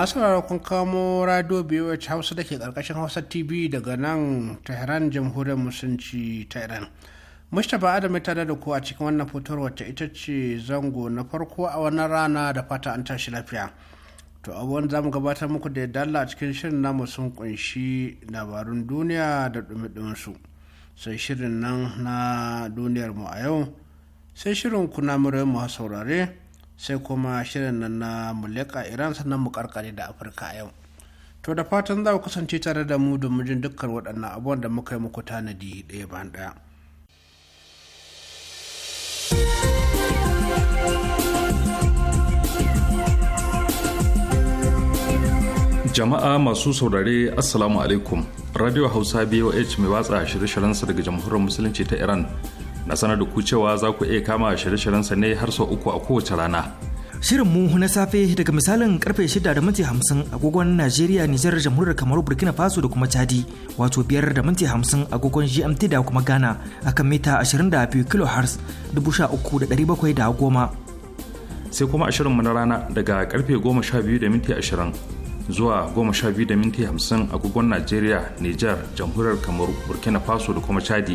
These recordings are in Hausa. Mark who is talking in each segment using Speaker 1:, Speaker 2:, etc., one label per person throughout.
Speaker 1: masu kun kamo radio biyu hausa da ke karkashin hausa tv daga nan tehran jamhuriyar musulunci ta iran mustapha adam ta da ku a cikin wannan fitowar wacce ita ce zango na farko a wannan rana da fata an tashi lafiya to abubuwan za mu gabatar muku da dalla a cikin shirin namu sun kunshi labarun duniya da dumi duminsu sai shirin nan na duniyar mu a yau sai shirin kuna mu saurare sai kuma shirin nan na mulika iran sannan mu karkare da afirka yau to da fatan za ku kasance tare da mu domin jin dukkan waɗannan abubuwan da muka yi muku tanadi ɗaya bayan ɗaya
Speaker 2: jama'a masu saurare assalamu alaikum radio hausa boh mai watsa shirye-shiryensa daga jamhuriyar musulunci ta iran na sanar da ku cewa za ku iya kama shirye-shiryen sa ne har sau uku a kowace rana.
Speaker 3: Shirin mu na safe daga misalin karfe shida da minti hamsin agogon Najeriya, Nijar, Jamhuriyar Kamaru, Burkina Faso da kuma Chadi, wato biyar da minti hamsin agogon GMT da kuma Ghana akan mita 22 kHz
Speaker 2: 13710. sai kuma ashirin mu na rana daga karfe 12 da minti 20 zuwa 12 da minti 50 agogon Najeriya, Nijar, Jamhuriyar Kamaru, Burkina Faso da kuma Chadi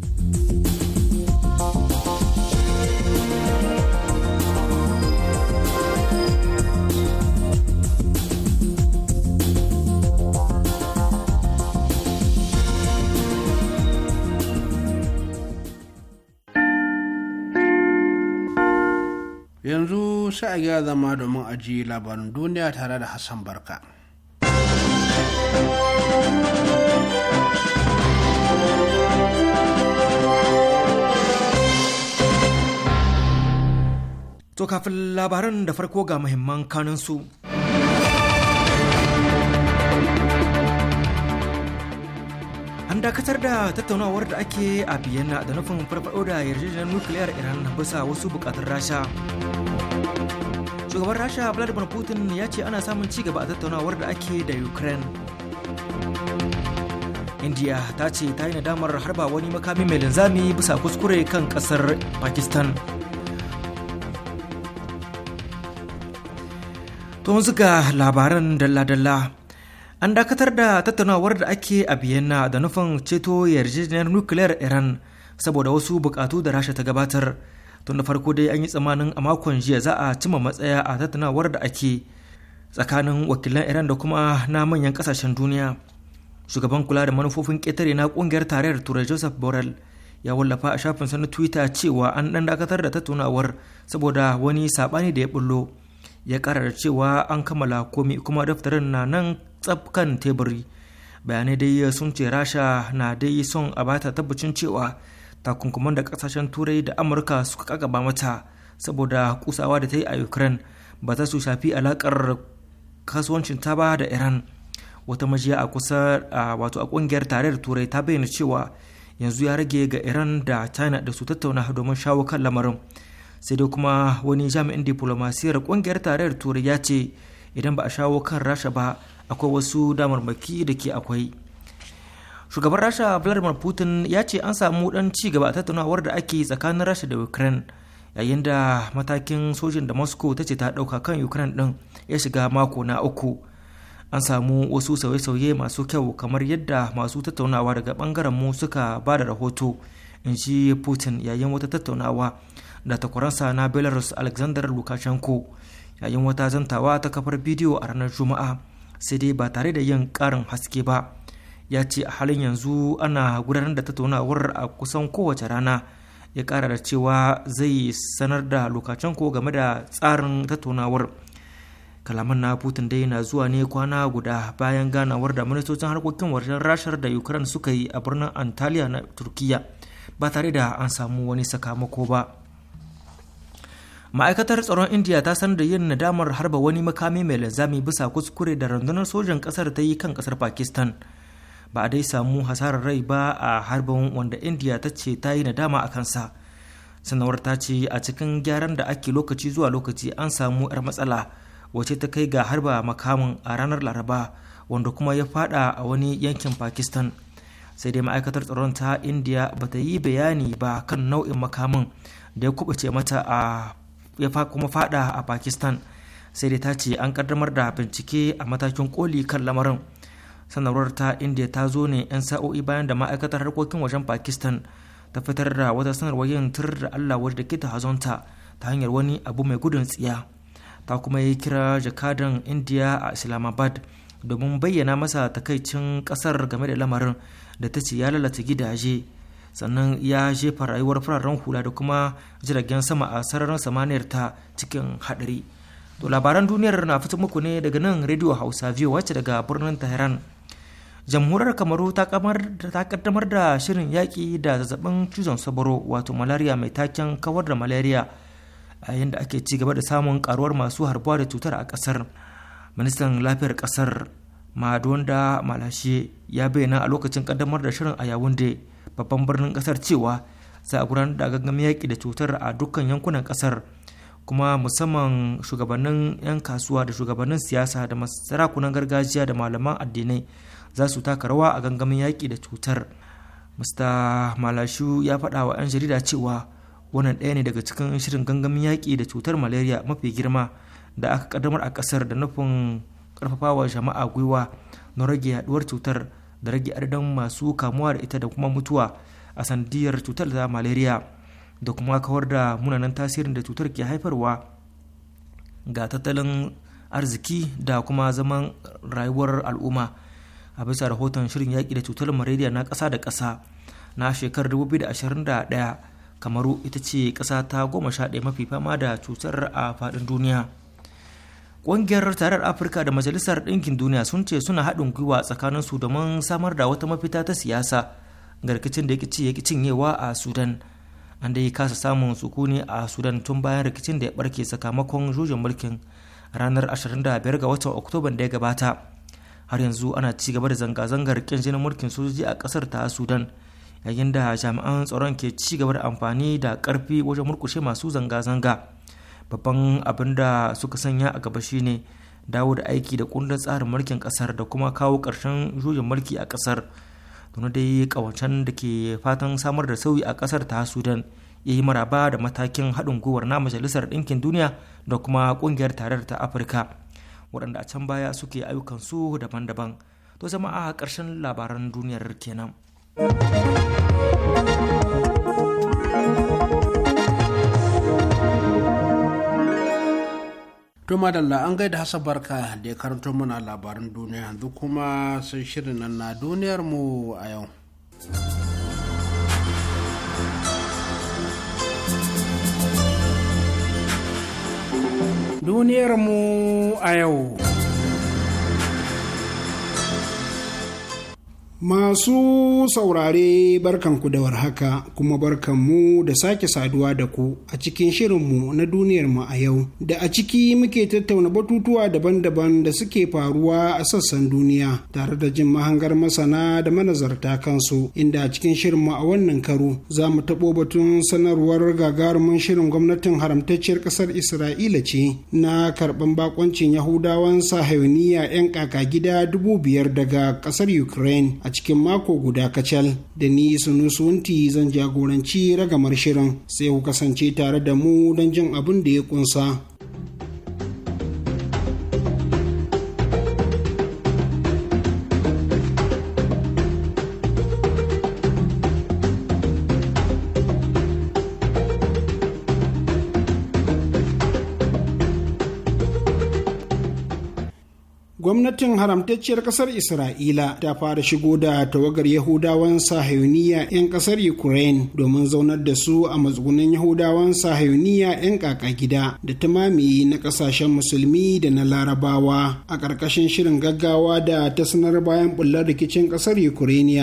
Speaker 1: sai a gaya zama domin ajiye labarin duniya tare da Hassan Barka.
Speaker 3: To kafin labaran da farko ga muhimman kanansu. dakatar da tattaunawar da ake a biyana da nufin farfado da yarjejeniyar nukiliyar Iran bisa wasu bukatun Rasha. Shugaban Rasha Vladimir Putin ya ce ana samun ci gaba a tattaunawar da ake da Ukraine. India ta ce ta yi nadamar harba wani makami mai linzami bisa kuskure kan kasar Pakistan. Tun zuga labaran dalla-dalla an dakatar da tattaunawar da ake a vienna da nufin ceto yarjejeniyar nukiliyar iran saboda wasu bukatu da rasha ta gabatar tun da farko dai an yi tsamanin a makon jiya za a cima matsaya a tattaunawar da ake tsakanin wakilan iran da kuma na manyan kasashen duniya shugaban kula da manufofin ƙetare na ƙungiyar tarayyar turai joseph borrell ya wallafa a shafin na twitter cewa an dan dakatar da tattaunawar saboda wani saɓani da ya bullo ya ƙara da cewa an kammala komi kuma daftarin na nan tsafkan teburi bayanai dai sun ce rasha na dai son a bata tabbacin cewa takunkuman da kasashen turai da amurka suka kakaba mata saboda kusawa da ta yi a ukraine ba za su shafi alakar kasuwancin ta ba da iran wata majiya a kusa wato a kungiyar tarayyar turai ta bayyana cewa yanzu ya rage ga iran da china da su tattauna domin shawo kan lamarin sai dai kuma wani jami'in diplomasiyar kungiyar tarayyar turai ya ce idan ba a shawo kan rasha ba akwai wasu damarmaki da ke akwai shugaban rasha vladimir putin ya ce an samu dan ci gaba a tattaunawar da ake tsakanin rasha da ukraine yayin da matakin sojin da moscow ta ce ta dauka kan ukraine din ya shiga mako na uku an samu wasu sauye-sauye masu kyau kamar yadda masu tattaunawa daga bangaren mu suka ba da rahoto in ji putin yayin wata tattaunawa da takwaransa na belarus alexander lukashenko yayin wata zantawa ta kafar bidiyo a ranar juma'a sai dai ba tare da yin ƙarin haske ba ya ce a halin yanzu ana gudanar da tattaunawar a kusan kowace rana ya ƙara da cewa zai sanar da lokacin ko game da tsarin tattaunawar kalaman na putin dai na zuwa ne kwana guda bayan ganawar da ministocin harkokin wajen rashar da ukraine suka yi a birnin antalya na turkiya ba tare da an samu wani sakamako ba ma'aikatar tsaron india ta sanar da yin nadamar harba wani makami mai linzami bisa kuskure da rundunar sojan kasar ta yi kan kasar pakistan ba a dai samu hasarar rai ba a harbin wanda india ta ce ta yi nadama a kansa sanawar ta ce a cikin gyaran da ake lokaci zuwa lokaci an samu 'yar matsala wace ta kai ga harba makamin a ranar laraba wanda kuma ya fada a wani yankin pakistan sai dai ma'aikatar tsaron ta india ba ta yi bayani ba kan nau'in makamin da ya kubace mata a ya kuma fada a pakistan sai dai ta ce an kaddamar da bincike a matakin koli kan lamarin sanarwar ta india ta zo ne 'yan sa'o'i bayan da ma'aikatar harkokin wajen pakistan ta fitar da wata sanarwar yin tur da allah wajen da ta hazonta ta hanyar wani abu mai gudun tsiya ta kuma yi kira jakadan india a islamabad domin bayyana masa takaicin kasar game da lamarin da ta ce ya lalata gidaje sannan ya jefa rayuwar fararen hula da kuma jiragen sama a sararin samaniyar ta cikin hadari to labaran duniyar na fito muku ne daga nan radio hausa view wacce daga birnin tehran jamhuriyar kamaru ta kaddamar da shirin yaƙi da zazzabin cizon saboro wato malaria mai taken kawar da malaria a yayin da ake ci gaba da samun karuwar masu harbuwa da cutar a kasar ministan lafiyar ƙasar madonda malashe ya bayyana a lokacin kaddamar da shirin a da babban birnin kasar cewa za a gudanar da gangamin yaƙi da cutar a dukkan yankunan kasar kuma musamman shugabannin 'yan kasuwa da shugabannin siyasa da sarakunan gargajiya da malaman addinai za su taka rawa a gangamin yaƙi da cutar mr malashu ya faɗa wa 'yan jarida cewa wannan ɗaya ne daga cikin shirin gangamin yaƙi da cutar malaria mafi girma da aka ƙaddamar a ƙasar da nufin ƙarfafawa jama'a gwiwa na rage yaɗuwar cutar da rage adadin masu kamuwa da ita da kuma mutuwa a sandiyar cutar da malaria da kuma kawar da munanan tasirin da cutar ke haifarwa ga tattalin arziki da kuma zaman rayuwar al'umma a bisa rahoton shirin yaƙi da cutar malaria na ƙasa da ƙasa na shekarar 2021 kamaru ita ce ƙasa ta goma sha ɗaya mafi fama da cutar a faɗin duniya Ƙungiyar tarar Afirka da Majalisar Ɗinkin Duniya sun ce suna haɗin gwiwa tsakanin su domin samar da wata mafita ta siyasa ga rikicin da ya cinyewa a Sudan. An dai kasa samun sukuni a Sudan tun bayan rikicin da ya barke sakamakon jujin mulkin ranar 25 ga watan Oktoba da ya gabata. Har yanzu ana ci gaba da zanga-zangar ƙin mulkin sojoji a ƙasar ta Sudan. yayin da jami'an tsaron ke ci gaba da amfani da ƙarfi wajen murkushe masu zanga-zanga babban abin da suka sanya a gaba shine dawo da aiki da kundin tsarin mulkin kasar da kuma kawo ƙarshen juyin mulki a kasar don dai kawancen da ke fatan samar da sauyi a kasar ta sudan ya yi maraba da matakin haɗin gwiwar na majalisar ɗinkin duniya da kuma ƙungiyar tarayyar ta afirka waɗanda a can baya suke ayyukan su daban-daban to zama a ƙarshen labaran duniyar
Speaker 1: kenan. To madalla an gaida hasa barka da ya karanto mana labaran duniya yanzu kuma sun shirin nan na duniyar mu a yau. Duniyar mu a yau.
Speaker 4: Masu saurare barkan ku da haka kuma barkanmu da sake saduwa da ku a cikin shirinmu na duniyar mu a yau da a ciki muke tattauna batutuwa daban-daban da suke faruwa a sassan duniya tare da jin mahangar masana da manazarta kansu inda a cikin shirinmu a wannan karo za mu taɓo batun sanarwar gagarumin shirin gwamnatin haramtacciyar ƙasar Isra'ila ce na karɓan bakoncin Yahudawan sahayoniya 'yan kaka gida dubu biyar daga ƙasar Ukraine a cikin mako guda kacal da ni sunusunti zan jagoranci ragamar shirin sai ku kasance tare da mu don jin abin da ya kunsa gwamnatin haramtacciyar kasar isra'ila ta fara shigo da tawagar yahudawan sahayuniya 'yan kasar ukraine domin zaunar da su a matsugunan yahudawan sahayuniya 'yan kaka gida da ta mamaye na kasashen musulmi da na larabawa a ƙarƙashin shirin gaggawa da ta sanar bayan bullar rikicin kasar ukraine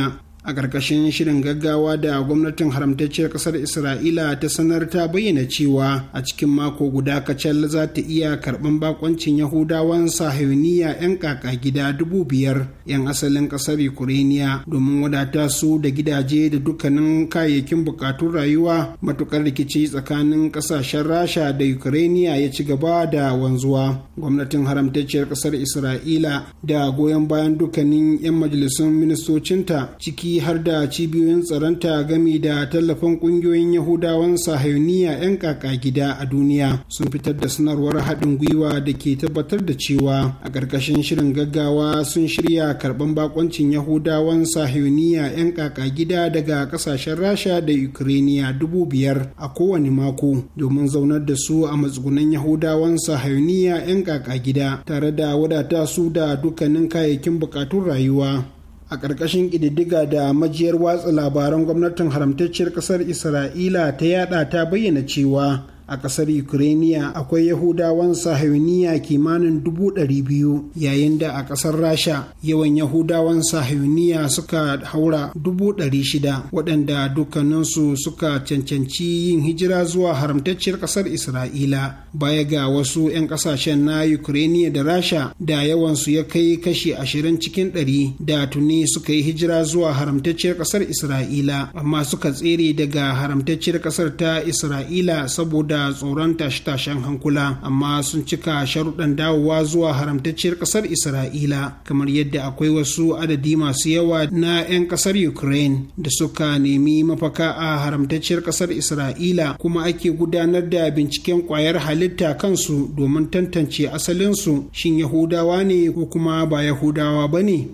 Speaker 4: a ƙarƙashin shirin gaggawa da gwamnatin haramtacciyar ƙasar isra'ila ta sanar ta bayyana cewa a cikin mako guda kacal za ta iya karɓan bakoncin yahudawan sahiyoniya 'yan kaka gida dubu biyar 'yan asalin ƙasar ukrainiya domin wadata su da gidaje da dukkanin kayayyakin buƙatun rayuwa matuƙar rikici tsakanin ƙasashen rasha da ukrainiya ya ci gaba da wanzuwa gwamnatin haramtacciyar ƙasar isra'ila da goyon bayan dukkanin 'yan majalisun ministocinta ciki har da cibiyoyin tsaronta gami da tallafin kungiyoyin yahudawan sahayoniya 'yan kaka gida a duniya sun fitar da sanarwar haɗin gwiwa da ke tabbatar da cewa a ƙarƙashin shirin gaggawa sun shirya karɓan bakoncin yahudawan sahayoniya 'yan kaka gida daga ƙasashen rasha da ukrainiya dubu biyar a kowane mako domin zaunar da su a matsugunan yahudawan sahayoniya 'yan kaka gida tare da wadata su da dukkanin kayayyakin buƙatun rayuwa a ƙarƙashin ƙididdiga da majiyar watsa labaran gwamnatin haramtacciyar ƙasar isra'ila ta yada ta bayyana cewa a ƙasar ukraine akwai yahudawan sahayuniya kimanin dubu ɗari biyu yayin da a ƙasar rasha yawan yahudawan sahayuniya suka haura dubu ɗari shida waɗanda dukkaninsu suka cancanci yin hijira zuwa haramtacciyar ƙasar isra'ila baya ga wasu 'yan ƙasashen na ukrainiya da rasha da yawansu ya kai kashi ashirin cikin ɗari da tuni suka yi hijira zuwa haramtacciyar ƙasar isra'ila amma suka tsere daga haramtacciyar ƙasar ta isra'ila saboda da tsoron tashe-tashen hankula amma sun cika sharuɗan dawowa zuwa haramtacciyar ƙasar isra'ila kamar yadda akwai wasu adadi masu yawa na 'yan ƙasar ukraine da suka nemi mafaka a haramtacciyar ƙasar isra'ila kuma ake gudanar da binciken ƙwayar halitta kansu domin tantance asalinsu shin yahudawa ne ko kuma ba yahudawa ba ne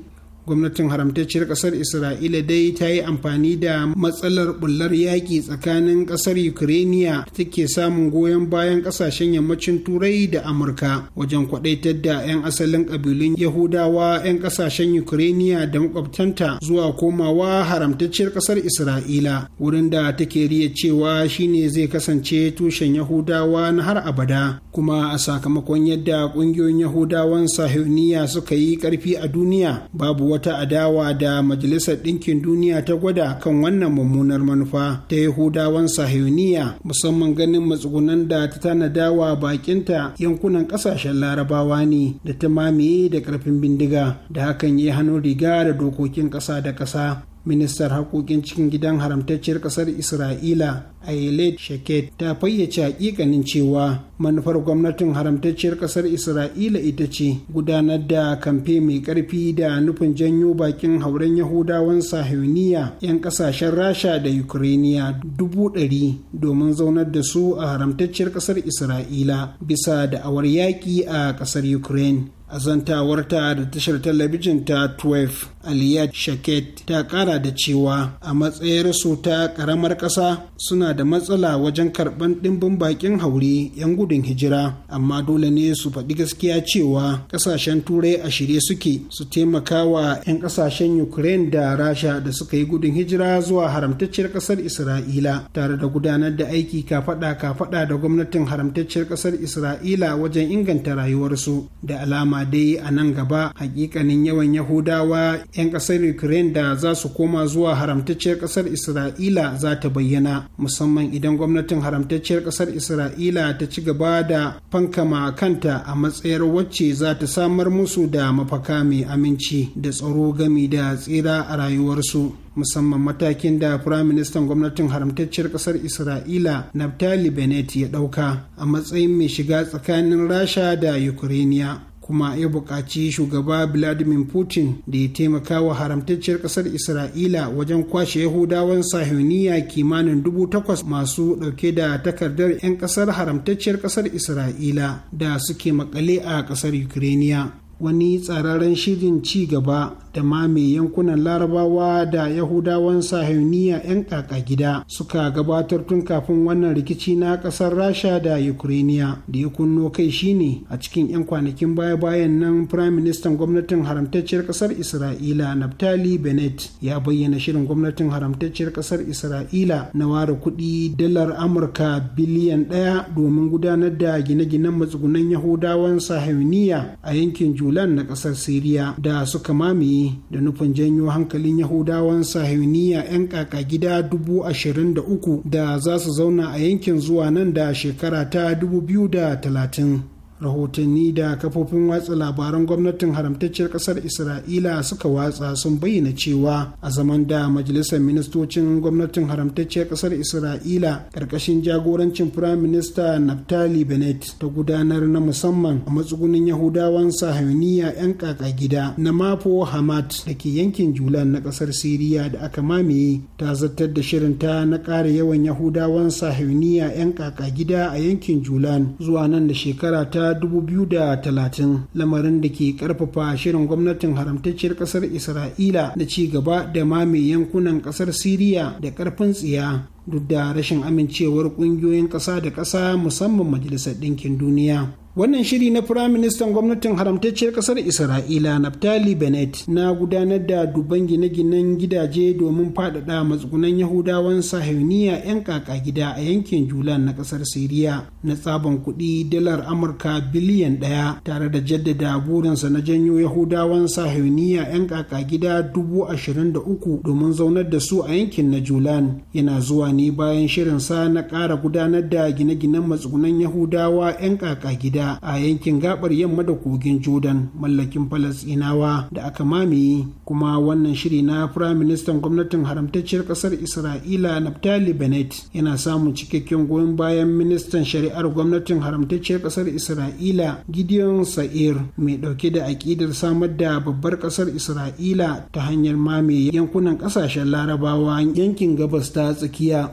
Speaker 4: gwamnatin haramtacciyar kasar isra'ila dai ta yi amfani da matsalar bullar yaƙi tsakanin kasar ukraniya da take samun goyon bayan kasashen yammacin turai da amurka wajen kwadaitar da 'yan asalin ƙabilun yahudawa 'yan kasashen ukraniya da makwabtanta zuwa komawa haramtacciyar kasar isra'ila wurin da take riya cewa shine zai kasance tushen yahudawa na har abada kuma a sakamakon yadda ƙungiyoyin yahudawan sahiyoniya suka yi ƙarfi a duniya babu wata adawa da majalisar ɗinkin duniya ta gwada kan wannan mummunar manufa ta yahudawan sahiyoniya musamman ganin matsugunan da ta tanadawa bakinta yankunan ƙasashen larabawa ne da ta mamaye da ƙarfin bindiga da hakan ya hannun riga da dokokin ƙasa da ƙasa ministar haƙoƙin cikin gidan haramtacciyar Kasar isra'ila ayelet sheket ta fayyace hakikanin cewa manufar gwamnatin haramtacciyar Kasar isra'ila ita ce gudanar da kamfe mai ƙarfi da nufin janyo bakin hauren yahudawan sahiyoniya 'yan ƙasashen rasha da ukrainiya dubu ɗari domin zaunar da su a haramtacciyar Kasar isra'ila bisa da awar yaƙi a ƙasar ukraine a zantawarta da tashar talabijin ta 12 aliyat shaket ta kara da cewa a matsayarsu ta karamar ƙasa suna da matsala wajen karɓan ɗimbin bakin haure 'yan gudun hijira amma dole ne su faɗi gaskiya cewa ƙasashen turai a shirye suke su taimaka wa 'yan ƙasashen ukraine da rasha da suka yi gudun hijira zuwa haramtacciyar ƙasar isra'ila tare da gudanar da aiki kafaɗa kafaɗa da gwamnatin haramtacciyar ƙasar isra'ila wajen inganta rayuwarsu da alama dai a nan gaba hakikanin yawan yahudawa 'yan kasar ukraine da za su koma zuwa haramtacciyar kasar isra'ila za ta bayyana musamman idan gwamnatin haramtacciyar kasar isra'ila ta ci gaba da fankama kanta a matsayar wacce za ta samar musu da mafaka mai aminci da tsaro gami da tsira a rayuwarsu musamman matakin da firaministan gwamnatin haramtacciyar kasar isra'ila naftali bennett ya ɗauka a matsayin mai shiga tsakanin rasha da ukrainiya kuma ya buƙaci shugaba vladimir putin da ya taimaka wa haramtacciyar ƙasar isra'ila wajen kwashe yahudawan sahiniya kimanin dubu takwas masu ɗauke da takardar 'yan ƙasar haramtacciyar ƙasar isra'ila da suke makale a ƙasar ukrainiya wani tsararren shirin ci gaba da mame yankunan larabawa da yahudawan sahiyoniya 'yan kaka gida suka gabatar tun kafin wannan rikici na kasar rasha da ukrainiya da ya kunno kai shine a cikin 'yan kwanakin baya-bayan nan prime ministan gwamnatin haramtacciyar kasar isra'ila naftali benet ya bayyana shirin gwamnatin haramtacciyar kasar isra'ila na ware kuɗi dalar amurka biliyan ɗaya domin gudanar da gine-ginen matsugunan yahudawan sahiyoniya a yankin julan na kasar siriya da suka mamaye da nufin janyo hankalin yahudawan sahiyuniya 'yan kaka gida dubu ashirin da uku da za su zauna a yankin zuwa nan da shekara ta dubu biyu da talatin rahotanni da kafofin watsa labaran gwamnatin haramtacciyar kasar isra'ila suka watsa sun bayyana cewa a zaman da majalisar ministocin gwamnatin haramtacciyar kasar isra'ila ƙarƙashin jagorancin firayim minista naftali Benet, ta gudanar na musamman a matsugunin yahudawan sahayuniya 'yan kaka gida na mafo hamad da ke yankin julan na kasar siriya da aka mamaye ta zartar da shirinta na ƙara yawan yahudawan sahayuniya 'yan kaka gida a yankin julan zuwa nan da shekara ta 2030 lamarin da ke karfafa shirin gwamnatin haramtacciyar kasar isra'ila na ci gaba da mame yankunan kasar siriya da karfin tsiya duk da rashin amincewar kungiyoyin ƙasa da ƙasa musamman majalisar ɗinkin duniya wannan shiri na firaministan gwamnatin haramtacciyar kasar isra'ila naftali bennett na gudanar da duban gine-ginen gidaje domin faɗaɗa matsugunan yahudawan sahiyoniya 'yan kaka gida a yankin julan na kasar siriya na tsaban kuɗi dalar amurka biliyan ɗaya tare da jaddada burinsa na janyo yahudawan sahiyoniya 'yan kaka gida dubu ashirin da uku domin zaunar da su a yankin na julan yana zuwa zamani bayan sa na ƙara gudanar da gine-ginen matsugunan yahudawa 'yan kaka gida a yankin gabar yamma da kogin jordan mallakin falasinawa da aka mamaye kuma wannan shiri na firayim ministan gwamnatin haramtacciyar ƙasar isra'ila naftali bennett yana samun cikakken goyon bayan ministan shari'ar gwamnatin haramtacciyar ƙasar isra'ila gideon sa'ir mai ɗauke da aƙidar samar da babbar ƙasar isra'ila ta hanyar mamaye yankunan ƙasashen larabawa yankin gabas ta tsakiya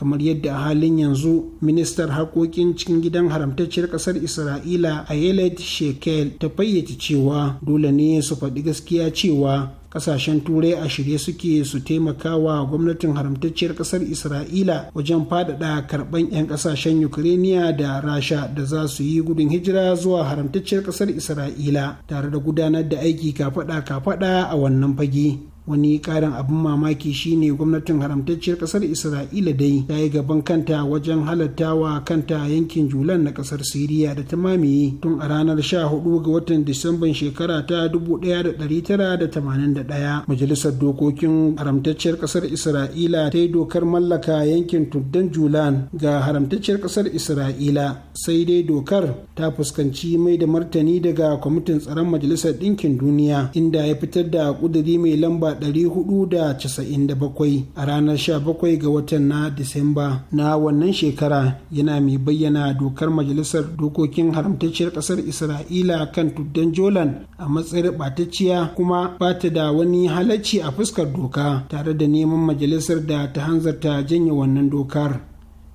Speaker 4: kamar yadda a halin yanzu ministar harkokin cikin gidan haramtacciyar kasar isra'ila ayelet shekel ta fayyace cewa dole ne su faɗi gaskiya cewa kasashen turai a shirye suke su taimaka wa gwamnatin haramtacciyar kasar isra'ila wajen faɗaɗa karɓan 'yan kasashen ukraniya da rasha da za su yi gudun hijira zuwa haramtacciyar kasar isra'ila tare da gudanar da aiki kafaɗa kafaɗa a wannan fage wani karin abin mamaki shine gwamnatin haramtacciyar kasar isra'ila dai ta yi gaban kanta wajen halattawa kanta yankin julan na kasar siriya da ta mamaye tun a ranar 14 ga watan disamban shekara ta 1981 majalisar dokokin haramtacciyar kasar isra'ila ta yi dokar mallaka yankin tuddan julan ga haramtacciyar kasar isra'ila sai dai dokar ta fuskanci mai da martani daga kwamitin tsaron majalisar ɗinkin duniya inda ya fitar da ƙuduri mai lamba 497 a ranar 17 ga watan na Disamba na wannan shekara yana mai bayyana dokar majalisar dokokin haramtacciyar ƙasar Isra'ila kan tuddan Jolan a matsayin ɓatacciya kuma ba ta da wani halacci a fuskar doka tare da neman majalisar da ta hanzarta janye wannan dokar.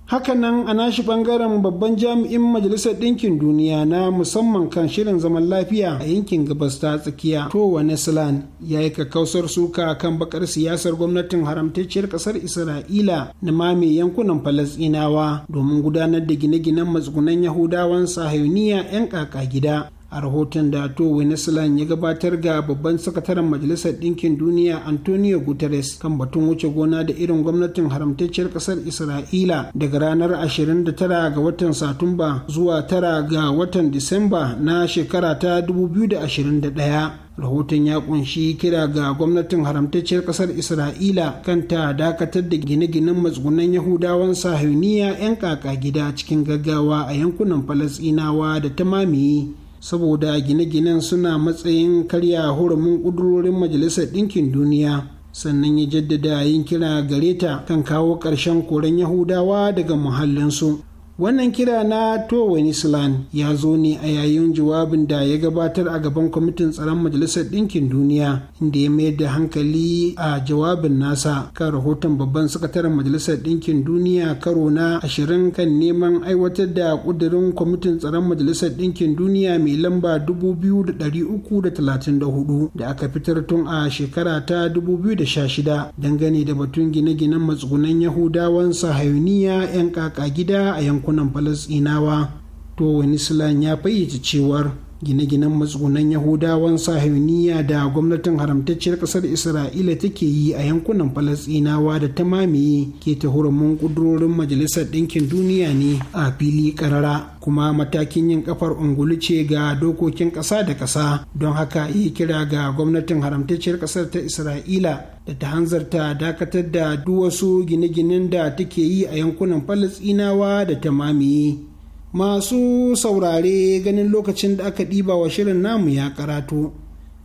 Speaker 4: hakanan a nashi bangaren babban jami'in majalisar ɗinkin duniya na musamman kan shirin zaman lafiya a yankin gabas ta tsakiya towa neslan ya yi kakkausar suka kan bakar siyasar gwamnatin haramtacciyar ƙasar isra'ila na mame yankunan falasɗinawa domin gudanar da gine-ginen matsugunan yahudawan sahayuniya 'yan kaka gida a rahoton da to ya gabatar ga babban sakataren majalisar ɗinkin duniya antonio guterres kan batun wuce gona da irin gwamnatin haramtacciyar ƙasar isra'ila daga ranar 29 ga watan satumba zuwa 9 ga watan disamba na shekara ta 2021 rahoton ya kunshi kira ga gwamnatin haramtacciyar kasar isra'ila kan ta dakatar da gine-ginen matsugunan yahudawan sahiniya 'yan kaka gida cikin gaggawa a yankunan falasinawa da ta mamaye saboda gine-ginen suna matsayin karya hurumin ƙudurorin majalisar ɗinkin duniya sannan ya jaddada yin kira Gareta kan kawo ƙarshen koren yahudawa daga muhallinsu wannan kira na towenisland ya zo ne a yayin jawabin da ya gabatar a gaban kwamitin tsaron majalisar ɗinkin duniya inda ya mayar da hankali a jawabin nasa kan rahoton babban sakataren majalisar ɗinkin duniya karo na ashirin kan neman aiwatar da ƙudurin kwamitin tsaron majalisar ɗinkin duniya mai lamba 2334 da aka fitar tun a shekara ta 2016 dangane da batun gine-ginen matsugunan yahudawan sahayuniya 'yan kaka gida a yankun yankunan falasinawa to wenislan ya fayyace cewar gine-ginen matsugunan yahudawan sahiniya da gwamnatin haramtacciyar ƙasar isra'ila take yi a yankunan falasinawa da ta mamaye ke ta hurumin ƙudurorin majalisar ɗinkin duniya ne a fili ƙarara, kuma matakin yin kafar ungulu ce ga dokokin ƙasa da ƙasa don haka yi kira ga gwamnatin haramtacciyar ƙasar ta isra'ila da ta hanzarta dakatar da duk wasu gine-ginen da take yi a yankunan falasinawa da ta mamaye masu saurare ganin lokacin da aka ɗiba wa shirin namu ya karatu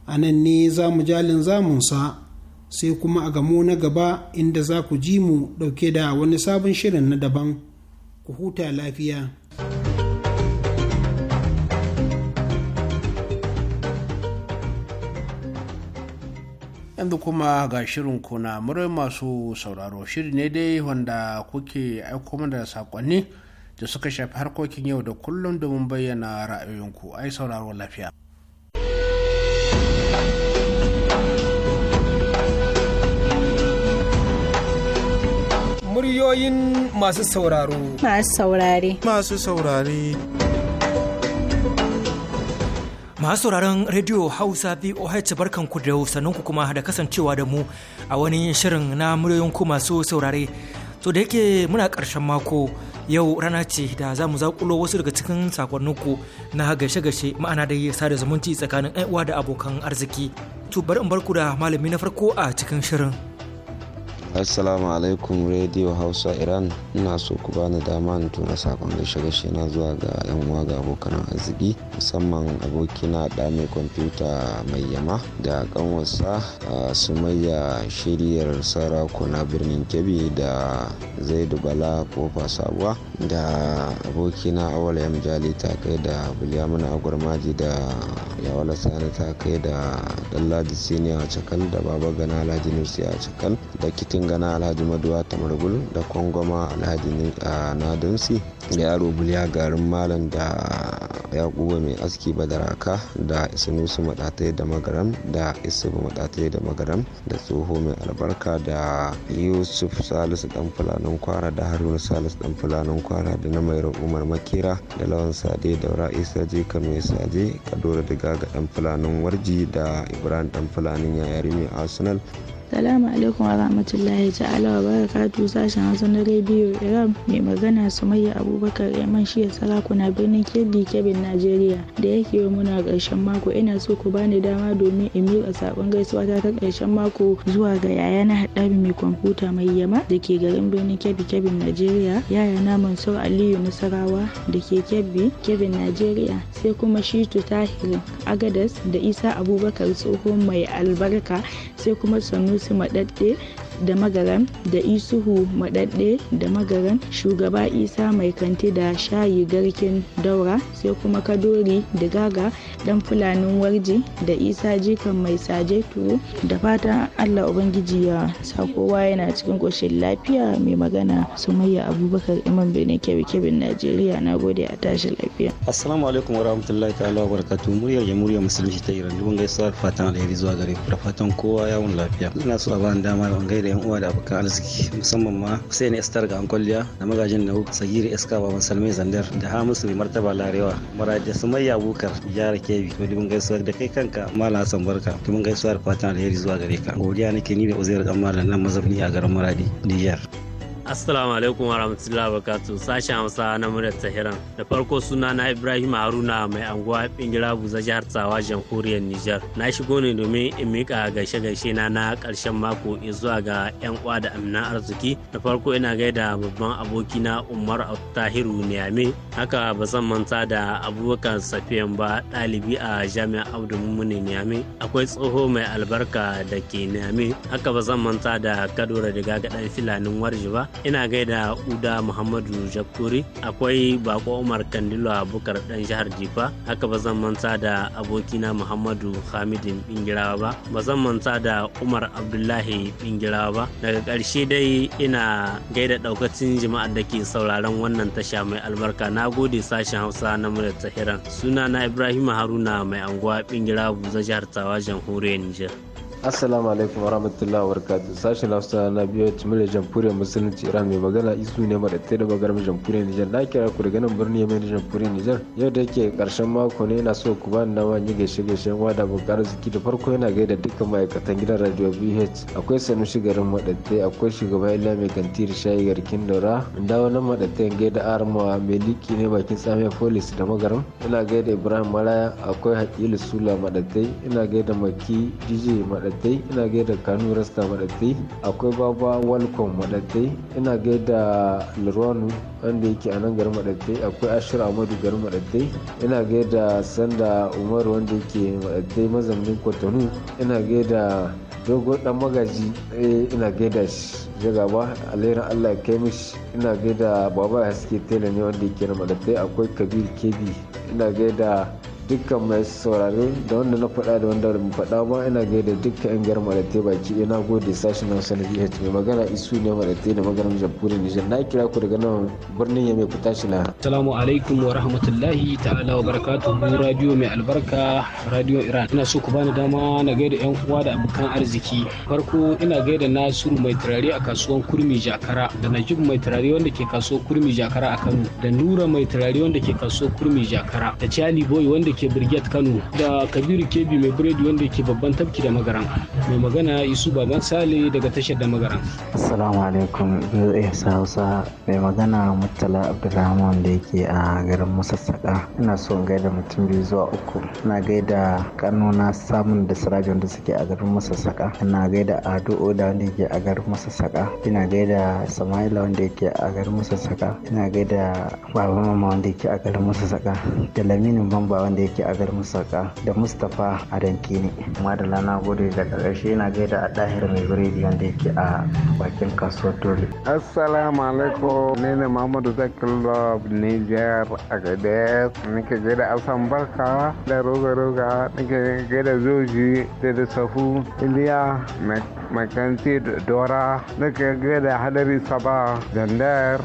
Speaker 4: a nan ne za mu jalin zamunsa sai kuma a gamo na gaba inda za ku ji mu ɗauke da wani sabon shirin na daban ku huta
Speaker 1: lafiya. yanzu kuma ga shirin kuna murai masu sauraro shiri ne dai wanda kuke aiko da sakonni da suka shafi harkokin yau da kullum domin bayyana ra'ayoyinku ai sauraro lafiya.
Speaker 4: Muryoyin masu sauraro.
Speaker 5: Masu saurare. Masu saurare.
Speaker 3: Masu sauraron Radio Hausa VOH barkanku da sannunku kuma da kasancewa da mu a wani shirin na muryoyin ku masu saurare. To da yake muna ƙarshen mako yau rana ce da za mu zakulo wasu daga cikin sakonninku na gaishe gashe ma'ana da sada zumunci tsakanin uwa da abokan arziki to bari in barku da malami na farko a cikin shirin
Speaker 6: assalamu alaikum radio hausa iran ina so ku bani dama in tuna sakon gaishe gaishe na zuwa ga yan uwa ga abokan arziki musamman abokina da mai kwamfuta mai yama da kanwarsa sumayya shiriyar na birnin kebi da zaidu bala kofa sabuwa da abokina awal yam jali ta kai da bulyamuna agwarmaji da yawala sani ta kai da dalladi siniya a cakal da baba gana ladi nusi a cakal da kitin gana alhaji maduwa tamargul da kwangwama alhaji nadunsi da yaro buliya garin malam da ya kuwa mai aski badaraka da isinusu matatai da magaram da isubu matatai da magaram da tsoho mai albarka da yusuf salisu dan fulanin kwara da haruna salisu dan fulanin kwara da na mai umar makera da lawan sade da isa ka mai sade kadora da ga dan fulanin warji da ibrahim dan fulanin yayari mai arsenal
Speaker 7: Salamu alaikum wa
Speaker 8: rahmatullahi ta'ala wa barakatu sashen Hausa na rediyo Iran mai magana Sumayya Abubakar Yaman shi sarakuna birnin Kebbi kebin Najeriya da yake yi muna ƙarshen mako ina so ku bani dama domin in miƙa saƙon gaisuwa ta ta ƙarshen mako zuwa ga yaya na haɗabi mai kwamfuta mai yama da ke garin birnin Kebbi kebin Najeriya yaya na Mansur Aliyu Nasarawa da ke Kebbi Kebbi Najeriya sai kuma Shitu Tahir Agadas da Isa Abubakar tsohon mai albarka sai kuma Sanusi su maɗaɗɗe da magaran da isuhu madadde da magaran shugaba isa mai kanti da shayi garkin daura sai kuma kadori da gaga dan fulanin warji da isa jikan mai saje tuwo da fatan allah ubangiji ya sa kowa yana cikin koshin lafiya mai magana su maya abubakar imam benin kebe kebin najeriya na gode a tashi lafiya
Speaker 3: assalamu alaikum wa rahmatullahi ta'ala wa barakatuhu muryar jamhuriyar musulunci ta iran dubin gaisuwa fatan alheri zuwa gare ku da fatan kowa yawon lafiya ina so a ba dama ban gaida yan uwa da abokan arziki musamman ma Hussein Estar ga Ankwaliya da magajin Nau Sagiri iska ba Salmai Zandar da Hamisu Mai Martaba Larewa mara da mai Bukar yara kebi to dubin gaisuwa da
Speaker 8: kai kanka Malam Hassan Barka dubin gaisuwa da fatan alheri zuwa gare ka godiya nake ni da Uzair Dan Malam nan mazabni
Speaker 3: a garin Maradi Niger
Speaker 7: Assalamu alaikum wa rahmatullahi wa barakatuh sashen Hausa na murar Tahiran. Da farko suna na Ibrahim Haruna mai anguwa Bingira Buza jihar Tsawa jamhuriyar Nijar. Na shigo ne domin in mika gaishe gaishe na na karshen mako zuwa ga yan uwa da amina arziki. Da farko ina gaida babban aboki na Umar Tahiru Niyame. Haka ba zan manta da abubakar safiyan ba ɗalibi a jami'ar Abdu Mumuni Niyame. Akwai tsoho mai albarka da ke Niyame. Haka ba zan manta da Kadura daga gaɗan filanin warji ba. ina gaida uda muhammadu jakuri akwai bako umar kandilo abubakar dan jihar jifa haka ba zan manta da abokina muhammadu hamidin bingirawa ba ba zan manta da umar abdullahi bingirawa ba daga ƙarshe dai ina gaida ɗaukacin jima'a da ke sauraron wannan tasha mai albarka na gode sashen hausa na murar tahiran suna na ibrahim haruna mai anguwa bingirawa buza jihar tawa jamhuriyar nijar
Speaker 9: assalamu alaikum warahmatullahi wabarakatuh sashen hausa na biyu cimiliyar jamhuriyar musulunci iran mai magana isu ne madatai da bagar jamhuriyar nijar na kira ku daga nan birni mai jamhuriyar nijar yau da yake karshen mako ne yana so ku ba ni dama yi gaishe gaishen wada bukar ziki da farko yana gaida dukkan ma'aikatan gidan radio bh akwai sanu garin maɗatai akwai shugaba ila mai kantiri shayi garkin daura in dawo nan madatai in gaida armawa mai liki ne bakin tsamiya polis da magarin. ina gaida ibrahim maraya akwai hakilu sula maɗatai ina gaida maki dj maɗattai ina gaida kanurasta rasta akwai baba walcom maɗattai ina gaida lurwanu wanda yake a nan garin maɗattai akwai ashir amadu garin maɗattai ina gaida sanda umar wanda yake maɗattai mazaunin kwatano ina gaida dogon dan magaji eh, ina gaida shi ya gaba alherin allah kai mishi ina gaida baba haske tela ne wanda yake na maɗatai akwai kabir kebi ina gaida dukkan mai saurare da wanda na faɗa da wanda mu faɗa ba ina gaida dukkan yan garin maratai baki ɗaya na gode sashen hausa na bh mai magana isu ne maratai da maganar jamhuriyar nijar na kira ku daga nan birnin yamai ku tashi na. salamu alaikum wa rahmatullahi ta'ala wa mu radio mai albarka radio iran ina so ku bani dama na gaida yan uwa da abokan arziki farko ina gaida nasiru mai turare a kasuwan kurmi jakara da najib mai turare wanda ke kasuwar kurmi jakara a kano da nura mai turare wanda ke kasuwar kurmi jakara da cali boy wanda ke Brigade Kano da Kabiru Kebi mai biredi wanda ke babban tafki da magaran. Mai magana Isu Baban Sale daga tashar da magaran.
Speaker 8: Assalamu alaikum sa Hausa mai magana Murtala Abdulrahman da yake a garin Musassaka. Ina so in gaida mutum biyu zuwa uku. Ina gaida Kano na samun da sirajin da suke a garin Musassaka. Ina gaida Ado Oda wanda yake a garin Musassaka. Ina gaida Sama'ila wanda yake a garin Musassaka. Ina gaida Baba Mama wanda yake a garin Musassaka. Da Laminin Bamba wanda da yake a garin Saka da Mustapha Adanki ne. da na gode da ƙarshe na gaida a ɗahir mai biredi wanda yake a
Speaker 6: bakin kasuwar Dole. Assalamu alaikum ne ne Muhammadu Zakir Niger a Gades nake gaida Asan Barka da Roga Roga nake gaida Zoji da da Safu Iliya Makanti Dora nake gaida Hadari Saba Zandar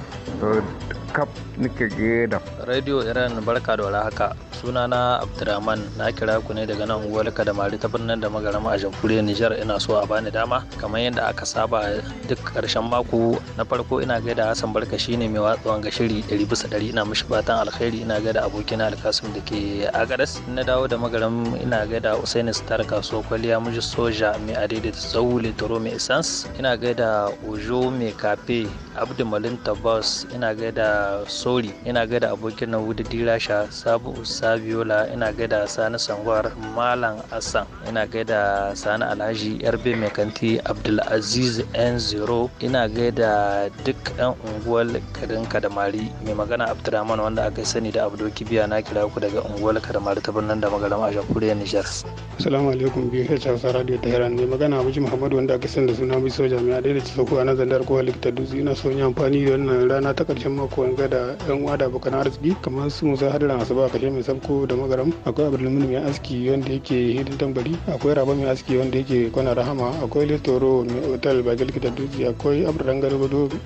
Speaker 6: kap nike gaida.
Speaker 10: Radio Iran barka da haka sunana abdurrahman na kira ku ne daga nan unguwar kadamari ta birnin da magarama a jamhuriyar nijar ina so a bani dama kamar yadda aka saba duk karshen mako na farko ina gaida hassan barka shine mai watsuwan ga shiri ɗari bisa ɗari ina mishi fatan alkhairi ina gaida abokina alkasim da ke agadas na dawo da magaram ina gaida usaini star kasuwa kwaliya miji soja mai adaidaita tsawo litoro mai essence ina gaida ojo mai kafe abdulmalin tabbas ina gaida sori ina gaida abokin na wudu dirasha sabu sabiola ina gaida sani sangwar malam assan ina gaida sani alhaji yarbe mai kanti abdulaziz n 0 ina gaida duk ɗan unguwar garin kadamari mai magana abdurrahman wanda aka sani da Abdul kibiya na kira ku daga unguwar kadamari ta birnin da magaram a jamhuriyar nijar
Speaker 4: assalamu alaikum biyu ta hausa radio tehran mai magana abuji muhammad wanda aka sani da suna mai soja mai adai da ci sauko a zandar kowa likita dutse ina son yi amfani da wannan rana ta karshen mako wanga da ƴan uwa da abokan arziki kamar su musa hadarin asuba a mai mai danko da magaram akwai abdulmumin mai aski wanda yake hidin tambari akwai raba mai aski wanda yake kwana rahama akwai litoro mai otal bakin kita dutse akwai abdurran gado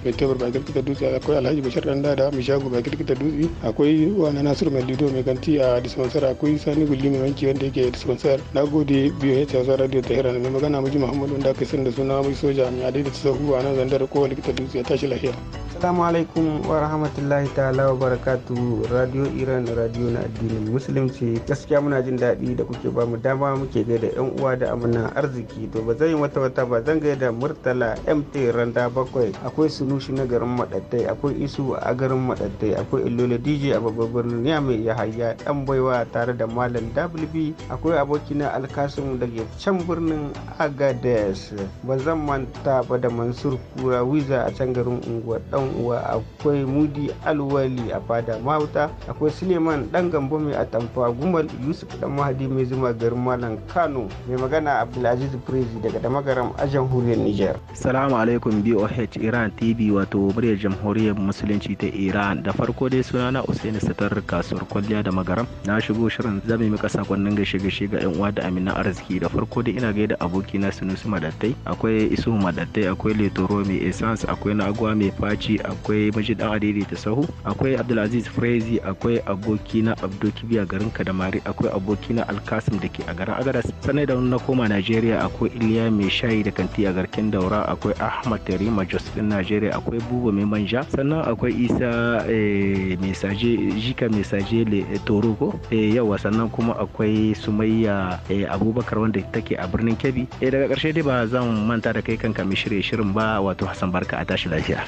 Speaker 4: mai tebur bakin kita dutse akwai alhaji bashir dan dada mai shago bakin kita dutse akwai wani nasiru mai lido mai kanti a dispensar akwai sani gulli mai wanki wanda yake dispensar na gode biyu ya zuwa radio tahira mai magana miji muhammadu wanda aka sani da suna mai soja mai adai da tsahu a nan zandar kowa likita dutse ya tashi lahiya.
Speaker 6: salamu alaikum wa rahmatullahi ta'ala wa barakatu
Speaker 8: radio iran radio na addini musulunci gaskiya muna jin daɗi da kuke bamu dama muke gaida yan uwa da amina arziki to ba zan yi wata wata ba zan gaida murtala mt randa bakwai akwai sunushi na garin maɗattai akwai isu a garin maɗattai akwai ilola dj a babban birnin mai ya hayya ɗan baiwa tare da malam wb akwai aboki na alkasim daga can birnin agades ba zan manta ba da mansur kura wiza a can garin unguwa dan uwa akwai mudi alwali a fada mahauta akwai suleiman ɗan gambo mai atamfa gumal yusuf dan mahadi mai zuma garin malam kano mai magana abdulaziz prezi daga damagaram a jamhuriyar niger
Speaker 9: salamu alaikum
Speaker 8: boh iran tv wato muryar jamhuriyar musulunci ta iran da farko dai suna na usaini satar kasuwar kwalliya da magaram na shigo shirin zame kasa sakonnin gaishe gaishe ga yan uwa da amina arziki da farko dai ina gaida aboki na sunusu madattai akwai isu madattai akwai letoro mai essence akwai agwa mai faci akwai majid dan adiri ta sahu akwai abdulaziz prezi akwai aboki na abdul kibiya garin kadamari akwai abokina alkasim da ke a garin agadas sannan da na koma najeriya akwai iliya mai shayi da kanti a garken daura akwai ahmad tarima jos din najeriya akwai buba mai manja sannan akwai isa eh, mai saje jika mai saje le eh, toroko eh, yawa sannan kuma akwai sumayya abubakar wanda take a birnin kebbi daga karshe dai ba zan manta da kai kanka mai shirye shirin ba wato hassan barka a tashi lafiya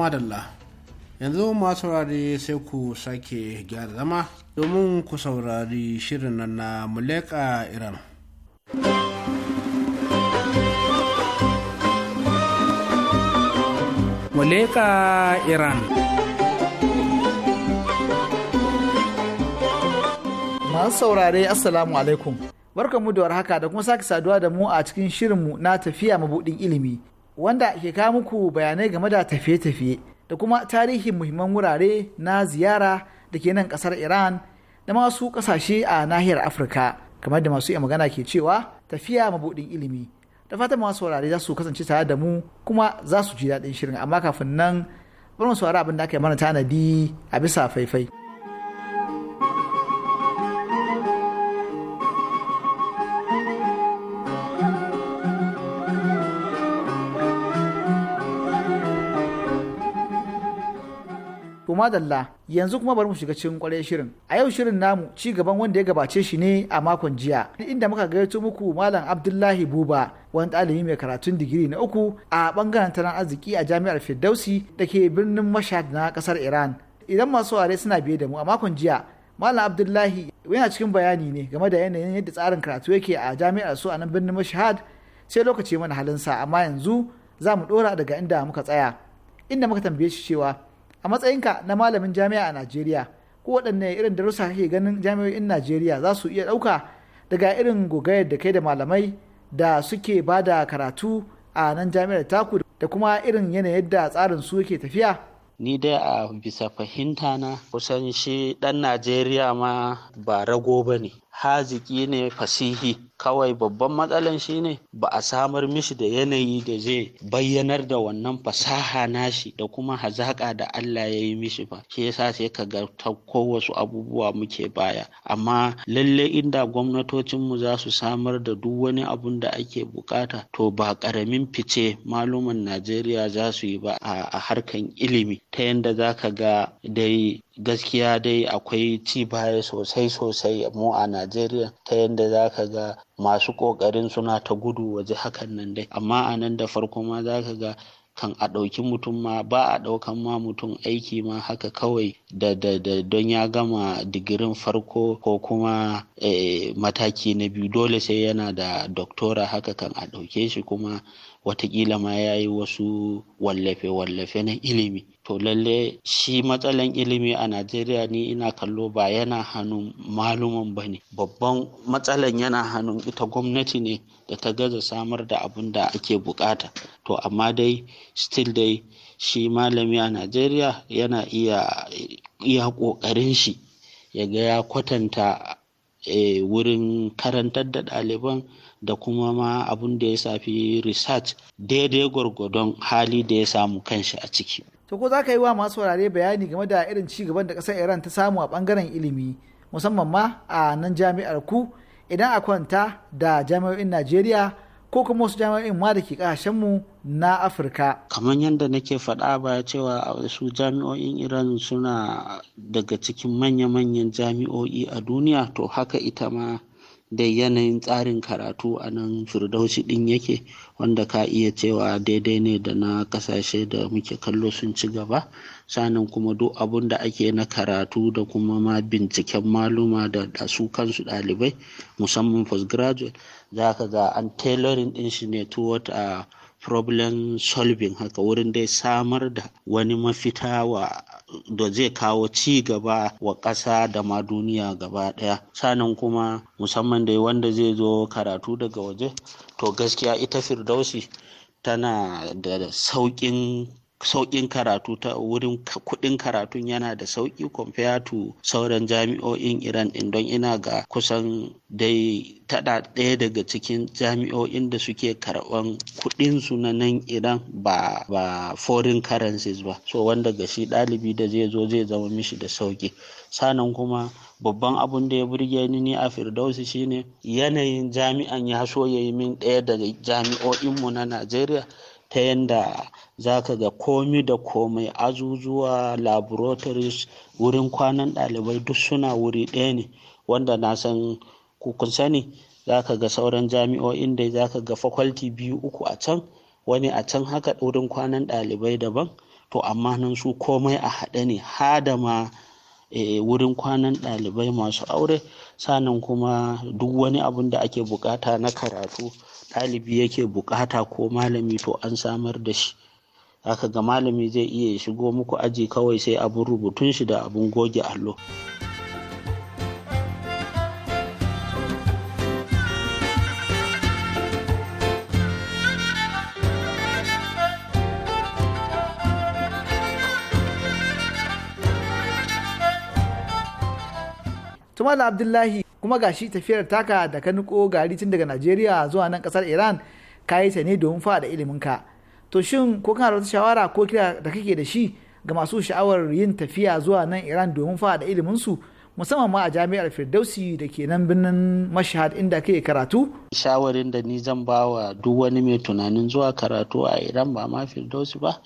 Speaker 1: madalla yanzu masu saurare sai ku sake gyara zama domin ku saurari shirin nan na muleka iran
Speaker 11: muleka iran masu saurare assalamu alaikum barkanmu da warhaka da kuma sake saduwa da mu a cikin shirinmu na tafiya mabudin ilimi wanda ke kawo muku bayanai game da tafiye-tafiye da kuma tarihin muhimman wurare na ziyara da ke nan kasar Iran da masu kasashe a nahiyar Afirka kamar da masu iya magana ke cewa tafiya mabudin ilimi da fatan masu wurare za su kasance tare da mu kuma za su ji daɗin shirin amma kafin nan bari mu saurari abin da aka yi mana tanadi a bisa faifai. To madalla yanzu kuma bari mu shiga cikin kwarai shirin. A yau shirin namu ci gaban wanda ya gabace shi ne a makon jiya. Inda muka gayyato muku Malam Abdullahi Buba wani ɗalibi mai karatun digiri na uku a bangaren tattalin arziki a Jami'ar Firdausi da ke birnin Mashhad na ƙasar Iran. Idan masu ware suna biye da mu a makon jiya Malam Abdullahi yana cikin bayani ne game da yanayin yadda tsarin karatu yake a jami'ar su a nan birnin mashad sai lokaci mana halinsa amma yanzu za mu ɗora daga inda muka tsaya. Inda muka tambaye shi cewa a matsayinka na malamin jami'a a najeriya ko waɗanne irin darussa kake ganin jami'o'in najeriya za su iya ɗauka daga irin gogayar da kai da malamai da suke ba da karatu a nan jami'ar taku da kuma irin yanayin da tsarin su yake tafiya
Speaker 8: ni dai a bisa fahimta na kusan shi ɗan najeriya ma ba rago ba ne haziki ne fasihi kawai babban matsalan shine ba a samar mishi da yanayi da zai bayyanar da wannan fasaha nashi da kuma hazaƙa da Allah ya yi mishi ba shi yasa sai ka ga ta wasu abubuwa muke baya amma lalle inda gwamnatocinmu za su samar da duk wani abun da ake bukata to ba karamin fice maluman Najeriya za su yi ba a harkan ilimi ta yanda za ka ga dai gaskiya dai akwai ci baya sosai sosai mu a Najeriya ta yadda za ka ga masu ƙoƙarin suna ta gudu waje hakan nan dai amma a nan da farko ma za ka ga kan a ɗauki mutum ma ba a ɗaukan ma mutum aiki ma haka kawai da da da don ya gama digirin farko ko kuma eh, mataki na biyu dole sai yana da doktora haka kan a ɗauke shi kuma watakila ma ya yi wasu wallafe-wallafe na ilimi to lalle shi matsalan ilimi a najeriya ni ina kallo ba yana hannun maluman ba ne babban matsalan yana hannun ita gwamnati ne da ta gaza samar da abin da ake bukata to amma dai still dai shi malami a najeriya yana iya iya kokarin shi ya ga ya kwatanta eh, wurin karantar da ɗaliban da kuma ma abin da ya safi research daidai gwargwadon hali da ya samu kanshi a ciki.
Speaker 11: To ko za ka yi wa masu wurare bayani game da irin ci gaban da ƙasar Iran ta samu a ɓangaren ilimi musamman ma a nan jami'ar ku idan a kwanta da jami'o'in Najeriya ko kuma wasu jami'o'in ma da ke mu na afirka
Speaker 8: kamar yadda nake faɗa ba cewa su jami'o'in iran suna daga cikin manya-manyan jami'o'i a duniya to haka ita ma dai yanayin tsarin karatu a nan firdausi din yake wanda ka iya cewa daidai ne da na kasashe da muke kallo sun ci gaba sanin kuma duk abun da ake na karatu da kuma ma binciken maluma da su kansu ɗalibai musamman postgraduate za ka ga an tailoring din shi ne to wata uh, problem solving haka wurin dai samar da wani mafita wa da zai kawo ci gaba wa ƙasa da ma duniya gaba ɗaya sanan kuma musamman dai wanda zai zo karatu daga waje to gaskiya ita firdausi tana da sauƙin sauƙin karatu ta wurin kuɗin karatun yana da sauki compare to sauran jami'o'in Iran din don ina ga kusan dai tada ɗaya daga cikin jami'o'in da suke karɓan kuɗin su na nan Iran ba ba foreign currencies ba so wanda ga shi ɗalibi da zai zo zai zama mishi da sauƙi sanan kuma babban abun da ya burge ni ni a firdausi shine yanayin jami'an ya so ya yi min ɗaya daga jami'o'in mu na najeriya ta yadda za ka ga komi da komai azuzuwa laboratories wurin kwanan ɗalibai duk suna wuri ɗaya ne wanda na san kun sani za ka ga sauran jami'o'in da za ka ga faculty biyu uku a can wani a can haka wurin kwanan ɗalibai daban to amma nan su komai a haɗa ne hada ma eh, wurin kwanan ɗalibai masu aure sanan kuma duk wani abun da ake bukata na karatu ɗalibi yake bukata ko malami to an samar da shi haka ga malami zai iya shigo muku aji kawai sai abin rubutun shi da abin goge allo
Speaker 11: Tumala Abdullahi kuma gashi tafiyar taka da ka niko gari tun daga najeriya zuwa nan kasar iran ka yi ta ne domin fada ilimin ka to shin ko kana da shawara ko kira da kake da shi ga masu sha'awar yin tafiya zuwa nan iran domin fada da su musamman ma a jami'ar firdausi da ke nan birnin mashhad inda
Speaker 8: ke karatu shawarin da ni zan wa duk wani mai tunanin zuwa karatu a iran ba ma firdausi ba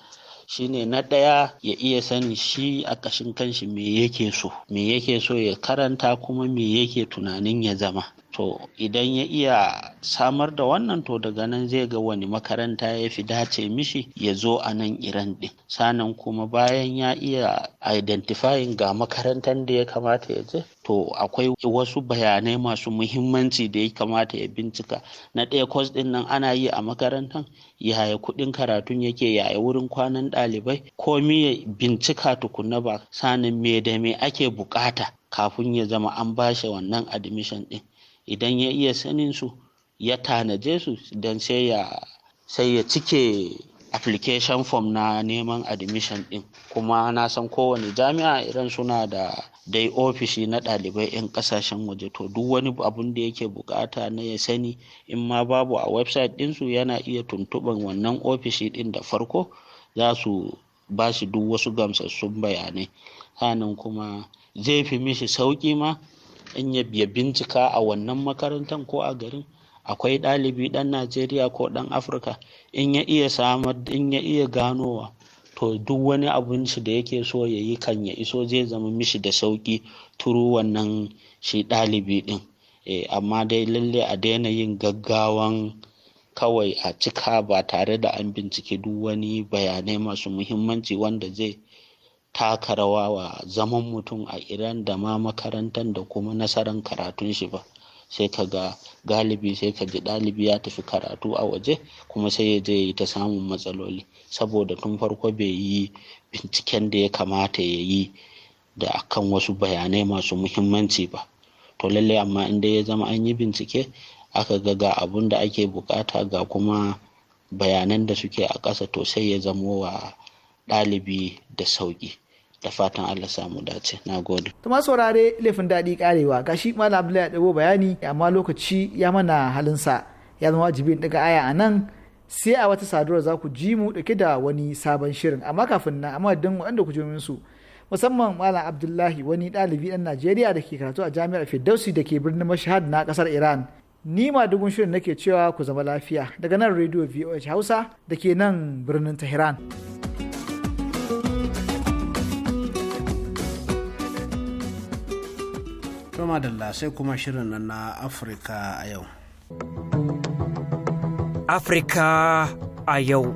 Speaker 8: shine na ɗaya ya iya sani shi a ƙashin kanshi me yake so me yake so ya karanta kuma me yake tunanin ya zama to idan ya iya samar da wannan to daga nan zai ga wani makaranta ya fi dace mishi ya zo a nan iran din sanan kuma bayan ya iya identifying ga makarantar da ya kamata ya je to akwai wasu bayanai masu muhimmanci da ya kamata ya bincika na ɗaya kwas din nan ana yi a makarantar yaya kuɗin karatun yake yaya wurin kwanan ɗalibai komi ya bincika tukunna ba sanin me da me ake bukata kafin ya zama an bashi wannan admission ɗin idan ya iya sanin su ya tanaje su don sai ya sai cike application form na neman admission din kuma na san kowane jami'a irin suna da dai ofishi na ɗalibai 'yan ƙasashen waje to duk wani abun da yake bukata na ya sani in ma babu a website ɗinsu yana iya tuntuban wannan ofishi ɗin da farko za su ba shi duk wasu gamsassun bayanai sanan kuma zai fi mishi sauki ma in ya bincika a wannan makarantar ko a garin akwai ɗalibi ɗan najeriya ko ɗan afirka in ya iya samar in ya iya ganowa to duk wani shi da yake so ya yi kan ya iso zai zama mishi da sauƙi turu wannan shi ɗalibi ɗin e, amma dai lalle a daina yin gaggawan kawai a cika ba tare da an bincike duk wani bayanai masu muhimmanci wanda zai taka rawa wa zaman mutum a iran da ma makarantar da kuma nasarar karatun shi ba sai ka ga galibi sai ka ji ɗalibi ya tafi karatu a waje kuma sai ya je yi ta samun matsaloli saboda tun farko bai yi binciken da ya kamata ya yi da akan wasu bayanai masu muhimmanci ba to lallai amma inda ya zama an yi bincike aka ga ga abun da ake bukata ga kuma bayanan da suke a ƙasa to sai ya zamo wa ɗalibi da sauƙi da fatan Allah samu dace na gode
Speaker 11: Tuma saurare laifin daɗi karewa gashi malam Abdullahi ya ɗago bayani amma lokaci ya mana halinsa ya zama wajibi daga aya a nan sai a wata saduwar za ku ji mu dauke da wani sabon shirin amma kafin na amma don waɗanda ku jomin su musamman malam abdullahi wani ɗalibi ɗan najeriya da ke karatu a jami'ar firdausi da ke birnin Mashhad na ƙasar iran ni ma dugun shirin nake cewa ku zama lafiya daga nan rediyo voh hausa da ke nan birnin tehran.
Speaker 1: to madalla sai kuma shirin nan na afirka a yau
Speaker 3: afirka a yau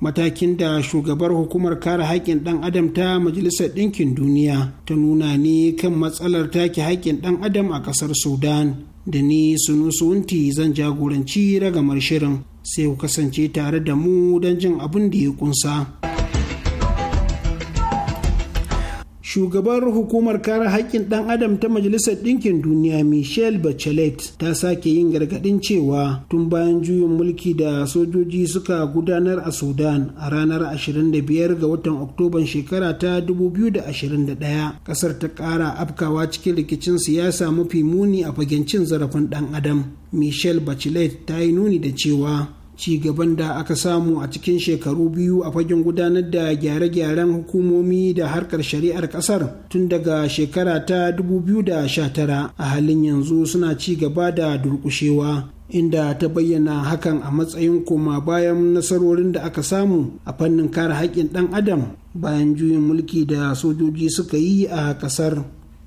Speaker 4: matakin da shugabar hukumar kare haƙƙin ɗan adam ta majalisar ɗinkin duniya ta nuna ne kan matsalar take haƙƙin ɗan adam a ƙasar sudan da ni sunusunti zan jagoranci ragamar shirin sai ku kasance tare da mu don jin abin da ya ƙunsa. shugabar hukumar kare haƙƙin ɗan adam ta majalisar ɗinkin duniya michelle bachelet ta sake yin gargaɗin cewa tun bayan juyin mulki da sojoji suka gudanar a sudan a ranar 25 ga watan oktoban shekara ta 2021 ƙasar ta ƙara afkawa cikin rikicin siyasa mafi muni a fagen cin zarafin ɗan adam michelle bachelet ta yi nuni da cewa ci gaban da aka samu a cikin shekaru biyu a fagen gudanar da gyare-gyaren hukumomi da harkar shari'ar kasar tun daga shekara ta 2019 a halin yanzu suna ci gaba da durkushewa inda ta bayyana hakan a matsayin koma bayan nasarorin da aka samu a fannin kare haƙƙin ɗan adam bayan juyin mulki da sojoji suka yi a ƙasar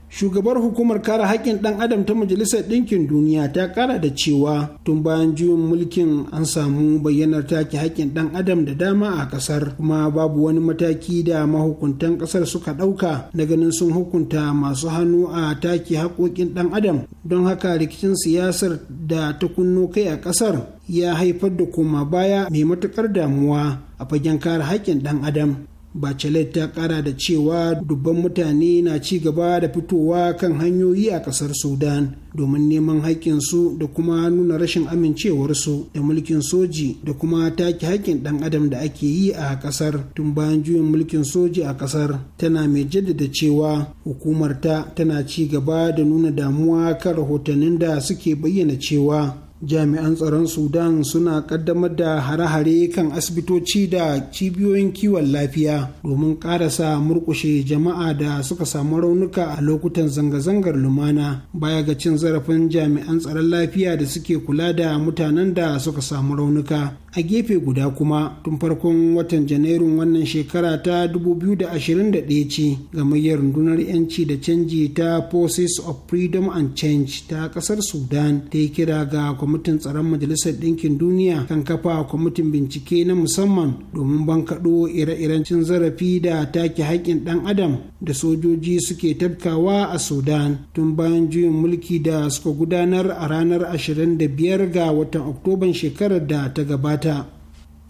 Speaker 4: shugabar hukumar kare haƙƙin ɗan adam ta majalisar ɗinkin duniya ta ƙara da cewa tun bayan juyin mulkin an samu bayyanar take haƙƙin ɗan adam da dama a ƙasar kuma babu wani mataki da mahukuntan ƙasar suka ɗauka na ganin sun hukunta masu hannu a take haƙoƙin ɗan adam don haka rikicin siyasar da ta kunno kai a ƙasar ya haifar da koma baya mai matuƙar damuwa a fagen kare haƙƙin ɗan adam bachelet ta kara da cewa dubban mutane na ci gaba da fitowa kan hanyoyi a kasar sudan domin neman su da kuma nuna rashin amincewarsu da mulkin soji da kuma take haƙƙin ɗan adam da ake yi a kasar tun bayan juyin mulkin soji a kasar tana mai jaddada cewa hukumarta tana ci gaba da nuna damuwa kan rahotannin da suke bayyana cewa jami'an tsaron sudan suna kaddamar da hare-hare kan asibitoci da cibiyoyin kiwon lafiya domin karasa murkushe jama'a da suka samu raunuka a lokutan zanga-zangar lumana baya ga cin zarafin jami'an tsaron lafiya da suke kula da mutanen da suka samu raunuka a gefe guda kuma tun farkon watan janairun wannan shekara ta 2021 ce gamayyar rundunar 'yanci da canji ta forces of freedom and change ta kasar sudan ta yi kira ga kwamitin tsaron majalisar ɗinkin duniya kan kafa kwamitin bincike na musamman domin bankaɗo ire-iren cin zarafi da take haƙƙin ɗan adam da sojoji suke tafkawa a sudan tun bayan juyin mulki da suka gudanar a ranar 25 ga watan oktoban shekarar da ta gabata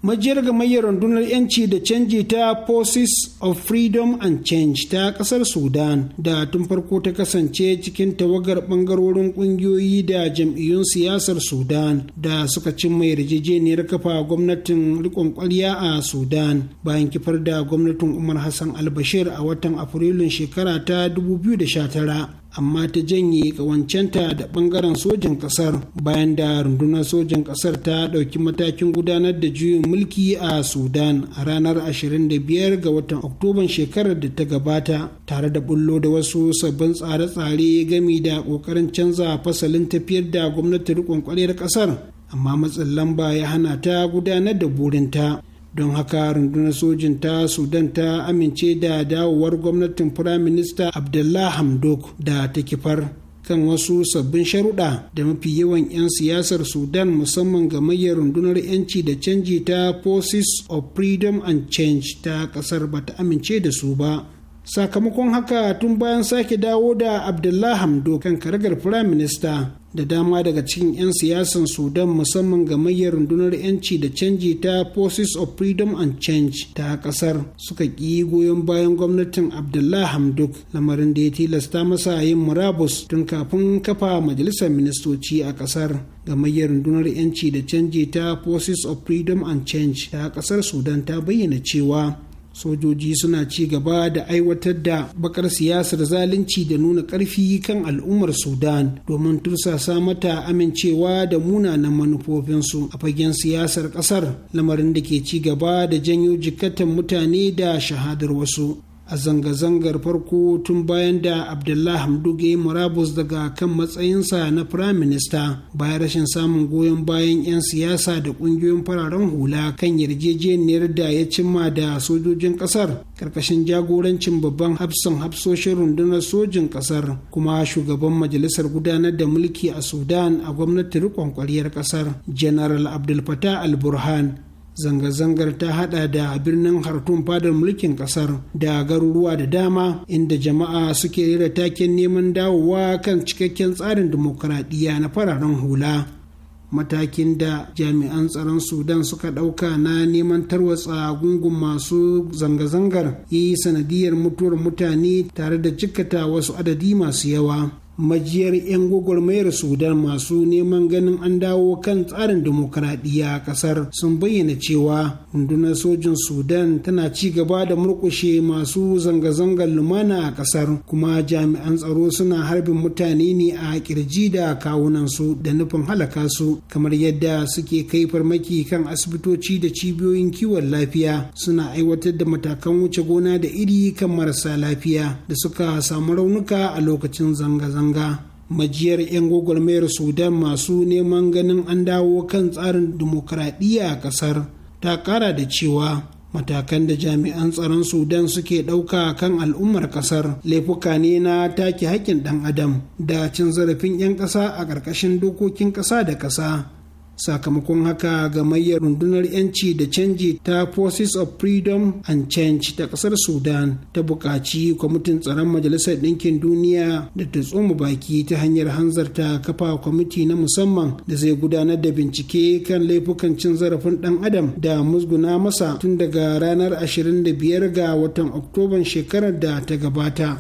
Speaker 4: majiyar gamayyar rundunar yanci da canji ta forces of freedom and change ta kasar sudan da tun farko ta kasance cikin tawagar bangarorin kungiyoyi da jam'iyyun siyasar sudan da suka cin mai yarjejeniyar kafa gwamnatin rikon kwarya a sudan bayan kifar da gwamnatin umar hassan albashir a watan afrilun shekara ta 2019 amma ta janye kawancenta da bangaren sojan kasar bayan da rundunar sojan kasar ta ɗauki matakin gudanar da juyin mulki a sudan a ranar 25 ga watan oktoban shekarar da ta gabata tare da bullo da wasu sabbin tsare-tsare gami da ƙoƙarin canza fasalin tafiyar da gwamnatin rikon ƙwarar kasar amma matsin lamba ya hana ta gudanar da burinta don haka rundunar sojin ta sudan ta amince da dawowar gwamnatin firaminista abdullah hamdok da ta kifar kan wasu sabbin sharuɗa da mafi yawan 'yan siyasar sudan musamman ga gamayyar rundunar 'yanci da canji ta forces of freedom and change ta ƙasar ta amince da su ba sakamakon haka tun bayan sake dawo da abdullah hamdo kan karagar firaminista da dama daga cikin 'yan siyasan sudan musamman gamayyar rundunar 'yanci da canji ta forces of freedom and change ta kasar suka ƙi goyon bayan gwamnatin abdullah hamduk lamarin da ya tilasta masa yin murabus tun kafin kafa majalisar ministoci a kasar gamayyar rundunar 'yanci da canji ta forces of freedom and change ta kasar sudan ta bayyana cewa sojoji suna ci gaba da aiwatar da bakar siyasar zalunci da nuna karfi kan al'ummar sudan domin tursasa mata amincewa da munanan manufofinsu a fagen siyasar kasar lamarin da ke ci gaba da janyo jikatan mutane da shahadar wasu a zanga-zangar farko tun bayan da abdullah hamduge murabus daga kan matsayinsa na firayim minista bayan rashin samun goyon bayan 'yan siyasa da ƙungiyoyin fararen hula kan yarjejeniyar da ya cimma da sojojin kasar? ƙarƙashin jagorancin babban hafsan hafsoshin rundunar sojin ƙasar kuma shugaban majalisar gudanar da mulki a sudan a gwamnatin riƙon ƙasar general abdul fatah al-burhan zanga-zangar ta hada da birnin hartun fadar mulkin kasar da garuruwa da dama inda jama'a suke rera taken neman dawowa kan cikakken tsarin dimokuraɗiyya na fararen hula matakin da jami'an tsaron sudan suka ɗauka na neman tarwatsa gungun masu zanga-zangar ya yi sanadiyar mutuwar mutane tare da cikkata wasu adadi masu yawa majiyar 'yan gwagwarmayar sudan masu neman ganin an dawo kan tsarin dimokuraɗiyya a kasar sun bayyana cewa rundunar sojin sudan tana ci gaba da murkushe masu zanga-zangar lumana a kasar kuma jami'an tsaro suna harbin mutane ne a kirji da kawunansu da nufin halaka su kamar yadda suke kai farmaki kan asibitoci da cibiyoyin kiwon lafiya suna aiwatar da matakan wuce gona da iri kan marasa lafiya da suka samu raunuka a lokacin zanga-zanga zanga majiyar 'yan gwagwarmayar sudan masu neman ganin an dawo kan tsarin dimokuraɗiyya a ƙasar ta ƙara da cewa matakan da jami'an tsaron sudan suke ɗauka kan al'ummar ƙasar laifuka ne na take haƙƙin ɗan adam da cin zarafin 'yan ƙasa a ƙarƙashin dokokin ƙasa da ƙasa sakamakon haka ga gamayyar rundunar 'yanci da canji ta forces of freedom and change ta kasar sudan ta bukaci kwamitin tsaron majalisar ɗinkin duniya da ta tsoma baki ta hanyar hanzarta kafa kwamiti na musamman da zai gudanar da bincike kan laifukan cin zarafin ɗan adam da musguna masa tun daga ranar 25 ga watan oktoban shekarar da ta gabata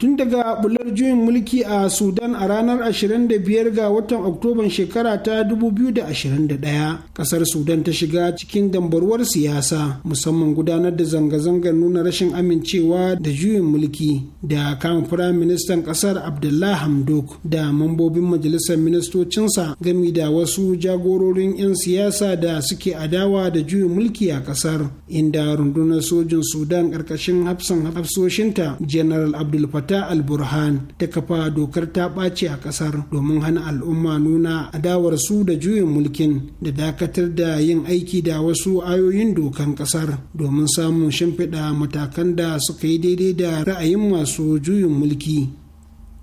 Speaker 4: tun daga bular juyin mulki a sudan a ranar 25 ga watan oktoban shekara ta 2021 kasar sudan ta shiga cikin dambarwar siyasa musamman gudanar da zanga-zangar nuna rashin amincewa da juyin mulki da kama firayim ministan kasar abdullah hamdok da mambobin majalisar ministocinsa gami da wasu jagororin 'yan siyasa da suke adawa da juyin mulki a kasar inda rundunar sojin sudan ƙarƙashin hafsan hafsoshinta general abdul Fattah ta alburhan ta kafa dokar ta ɓace a ƙasar domin hana al'umma nuna adawar su da juyin mulkin da dakatar da yin aiki da wasu ayoyin dokan ƙasar domin samun shimfiɗa matakan da suka yi daidai da ra'ayin masu juyin mulki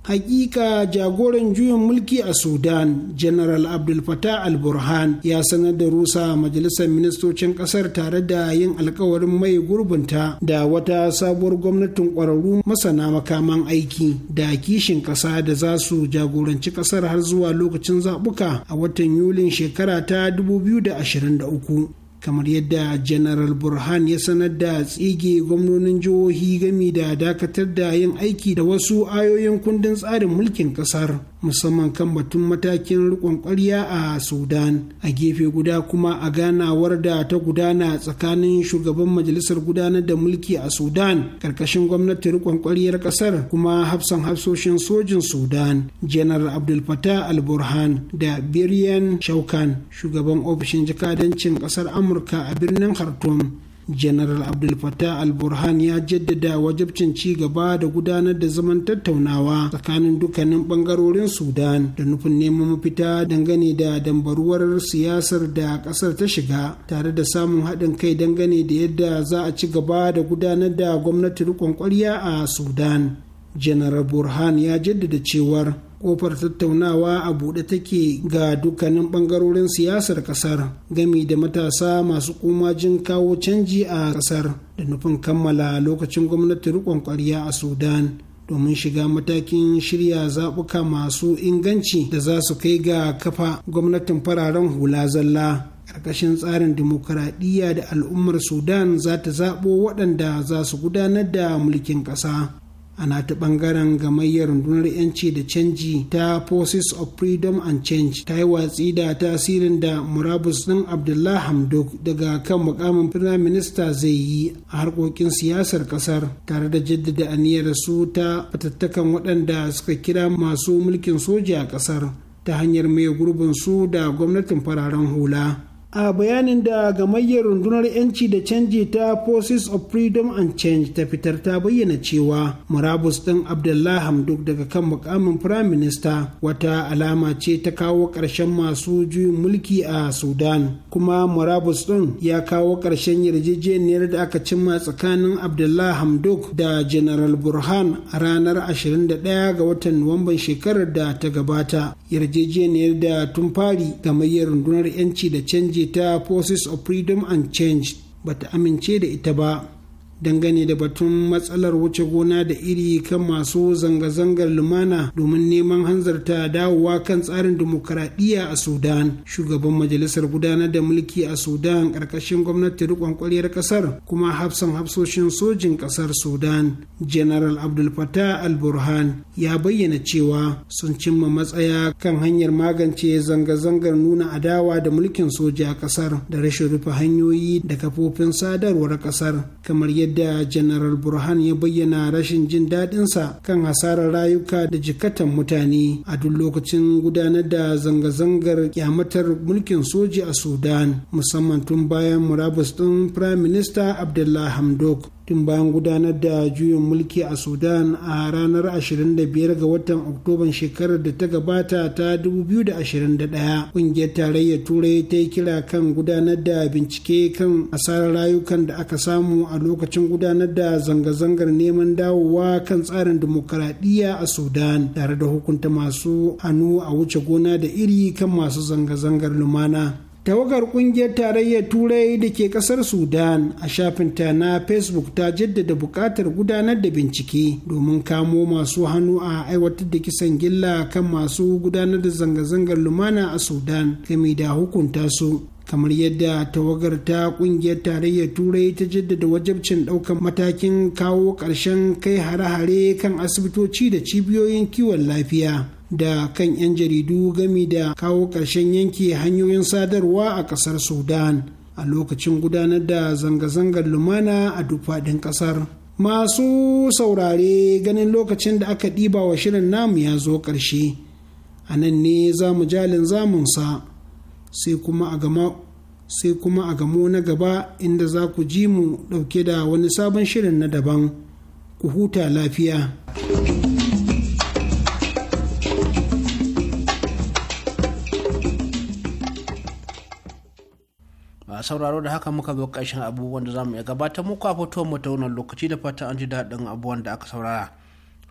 Speaker 4: hakika jagoran juyin mulki a sudan general abdul fatah al-burhan ya sanar da rusa majalisar ministocin kasar tare da yin alkawarin mai gurbinta da wata sabuwar gwamnatin kwararru masana makaman aiki da kishin kasa da za su jagoranci kasar har zuwa lokacin zabuka a watan yulin shekara ta 2023 kamar yadda general burhan ya sanar da tsige gwamnonin jihohi gami da dakatar da yin aiki da wasu ayoyin kundin tsarin mulkin kasar musamman kan batun matakin rikon ƙwarya a sudan a gefe guda kuma a ganawar da ta gudana tsakanin shugaban majalisar gudanar da mulki a sudan Ƙarƙashin gwamnati rikon ƙwaryar kasar kuma hafsan hafsoshin sojin sudan janar abdul fatah al-burhan da biryan shaukan shugaban ofishin jikadancin ƙasar amurka a birnin khartoum General Abdul Fattah al-Burhan ya jaddada wajibcin ci gaba da gudanar da zaman tattaunawa tsakanin dukkanin bangarorin Sudan da nufin neman mafita dangane da dambaruwar siyasar da kasar ta shiga tare da samun haɗin kai dangane da yadda za a ci gaba da gudanar da gwamnati rikon kwarya a Sudan. janar burhan ya jaddada cewar kofar tattaunawa a buɗe take ga dukkanin ɓangarorin siyasar ƙasar gami da matasa masu kumajin kawo canji a ƙasar da nufin kammala lokacin gwamnati riƙon ƙwarya a sudan domin shiga matakin shirya zaɓuka masu inganci da za su kai ga kafa gwamnatin fararen hula zalla ƙarƙashin tsarin dimokuraɗiyya da al'ummar sudan za ta zaɓo waɗanda za su gudanar da mulkin ƙasa ana ta bangaren gamayyar rundunar yanci da canji ta forces of freedom and change ta yi watsi da tasirin da murabus din abdullahi hamdok daga kan mukamin firayim minista zai yi a harkokin siyasar kasar tare da jaddada aniyar su ta fatattakan waɗanda suka kira masu mulkin soja a kasar ta hanyar mai gurbin su da gwamnatin fararen hula a bayanin da gamayyar rundunar 'yanci da canji ta forces of freedom and change ta fitar ta bayyana cewa murabus din abdullah hamduk daga kan mukamin prime minister wata alama ce ta kawo ƙarshen masu juyin mulki a sudan kuma murabus din ya kawo ƙarshen yarjejeniyar da aka cimma tsakanin abdullah hamduk da general burhan a ranar 21 ga watan nuwamban shekarar da ta gabata yarjejeniyar da tun fari gamayyar rundunar 'yanci da canji ce ta forces of freedom and change bata amince da ita ba dangane da batun matsalar wuce gona da iri kan masu zanga-zangar lumana domin neman hanzarta dawowa kan tsarin dimokuraɗiyya a sudan shugaban majalisar gudanar da mulki a sudan ƙarƙashin gwamnati riƙon ƙwaryar ƙasar kuma hafsan hafsoshin sojin ƙasar sudan general abdul fatah al-burhan ya bayyana cewa sun cimma matsaya kan hanyar magance zanga-zangar nuna adawa da mulkin soja a ƙasar da rashin rufe hanyoyi da kafofin sadarwar ƙasar kamar yadda yadda janaral burhan ya bayyana rashin jin daɗinsa kan hasarar rayuka da jikatan mutane a duk lokacin gudanar da zanga-zangar kyamatar mulkin soji a sudan musamman tun bayan murabus ɗin prime minister abdullah hamdok tun bayan gudanar da juyin mulki a sudan a ranar 25 ga watan oktoban shekarar da ta gabata ta 2021 kungiyar tarayyar turai ta yi kira kan gudanar da bincike kan asarar rayukan da aka samu a lokacin gudanar da zanga-zangar neman dawowa kan tsarin dimokuraɗiyya a sudan tare da hukunta masu hannu a wuce gona da iri kan masu zanga-zangar lumana tawagar kungiyar tarayyar turai da ke kasar sudan a shafinta na facebook ta jaddada bukatar gudanar da bincike domin kamo masu hannu a aiwatar da kisan gilla kan masu gudanar da zanga-zangar lumana a sudan game da hukunta su kamar yadda tawagar ta kungiyar tarayyar turai ta jaddada wajabcin daukan matakin kawo ƙarshen kai hare-hare kan asibitoci da cibiyoyin kiwon lafiya da kan 'yan jaridu gami da kawo ƙarshen yanke hanyoyin sadarwa a ƙasar sudan a lokacin gudanar da zanga-zangar lumana a duk faɗin ƙasar masu saurare ganin lokacin da aka ɗiba wa shirin namu ya zo ƙarshe a nan ne za mu jalin zamunsa sai kuma a gamo na gaba inda za ku ji mu ɗauke da wani sabon shirin na daban ku huta lafiya.
Speaker 1: ga sauraro da haka muka zo ƙarshen abubuwan da zamu iya gabatar muku a fitowar mu ta wannan lokaci da fata an ji daɗin abubuwan da aka saurara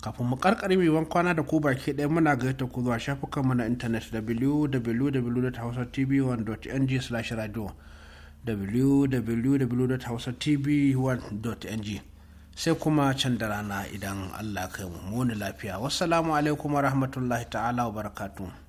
Speaker 1: kafin mu karkare mai kwana da ku baki ɗaya muna gaita ku zuwa shafukanmu na intanet www.hausatv1.ng/radio www.hausatv1.ng sai kuma can da rana idan Allah kai mu muni lafiya wassalamu alaikum wa rahmatullahi ta'ala wa barakatuh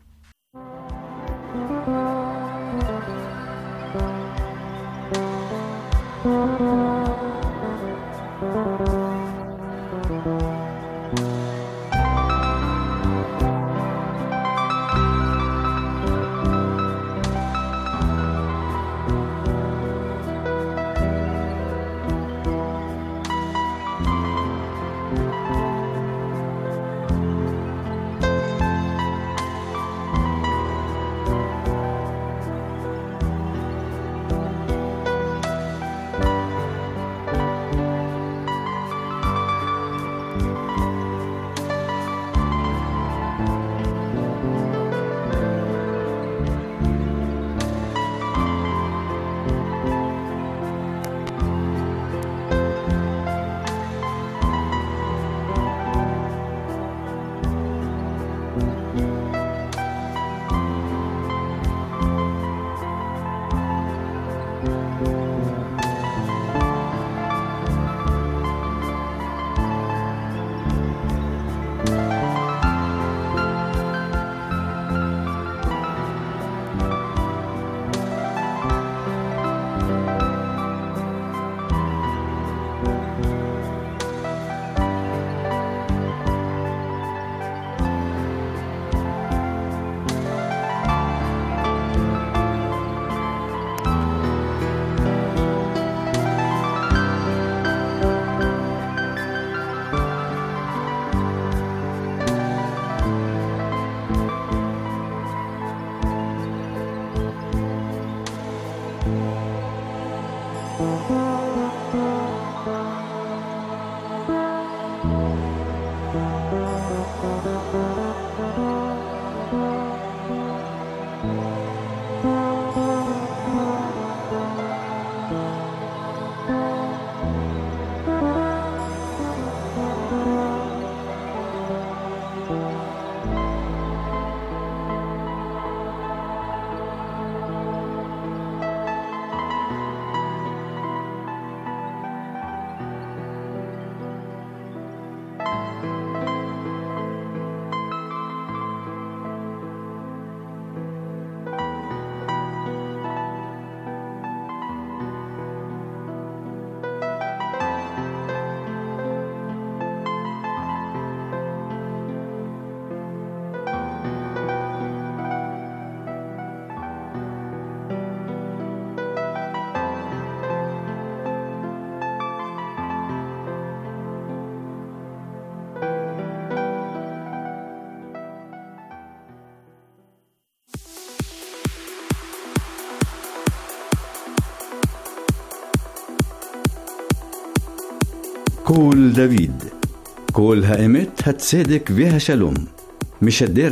Speaker 5: קול דוד, קול האמת, הצדק והשלום, משדר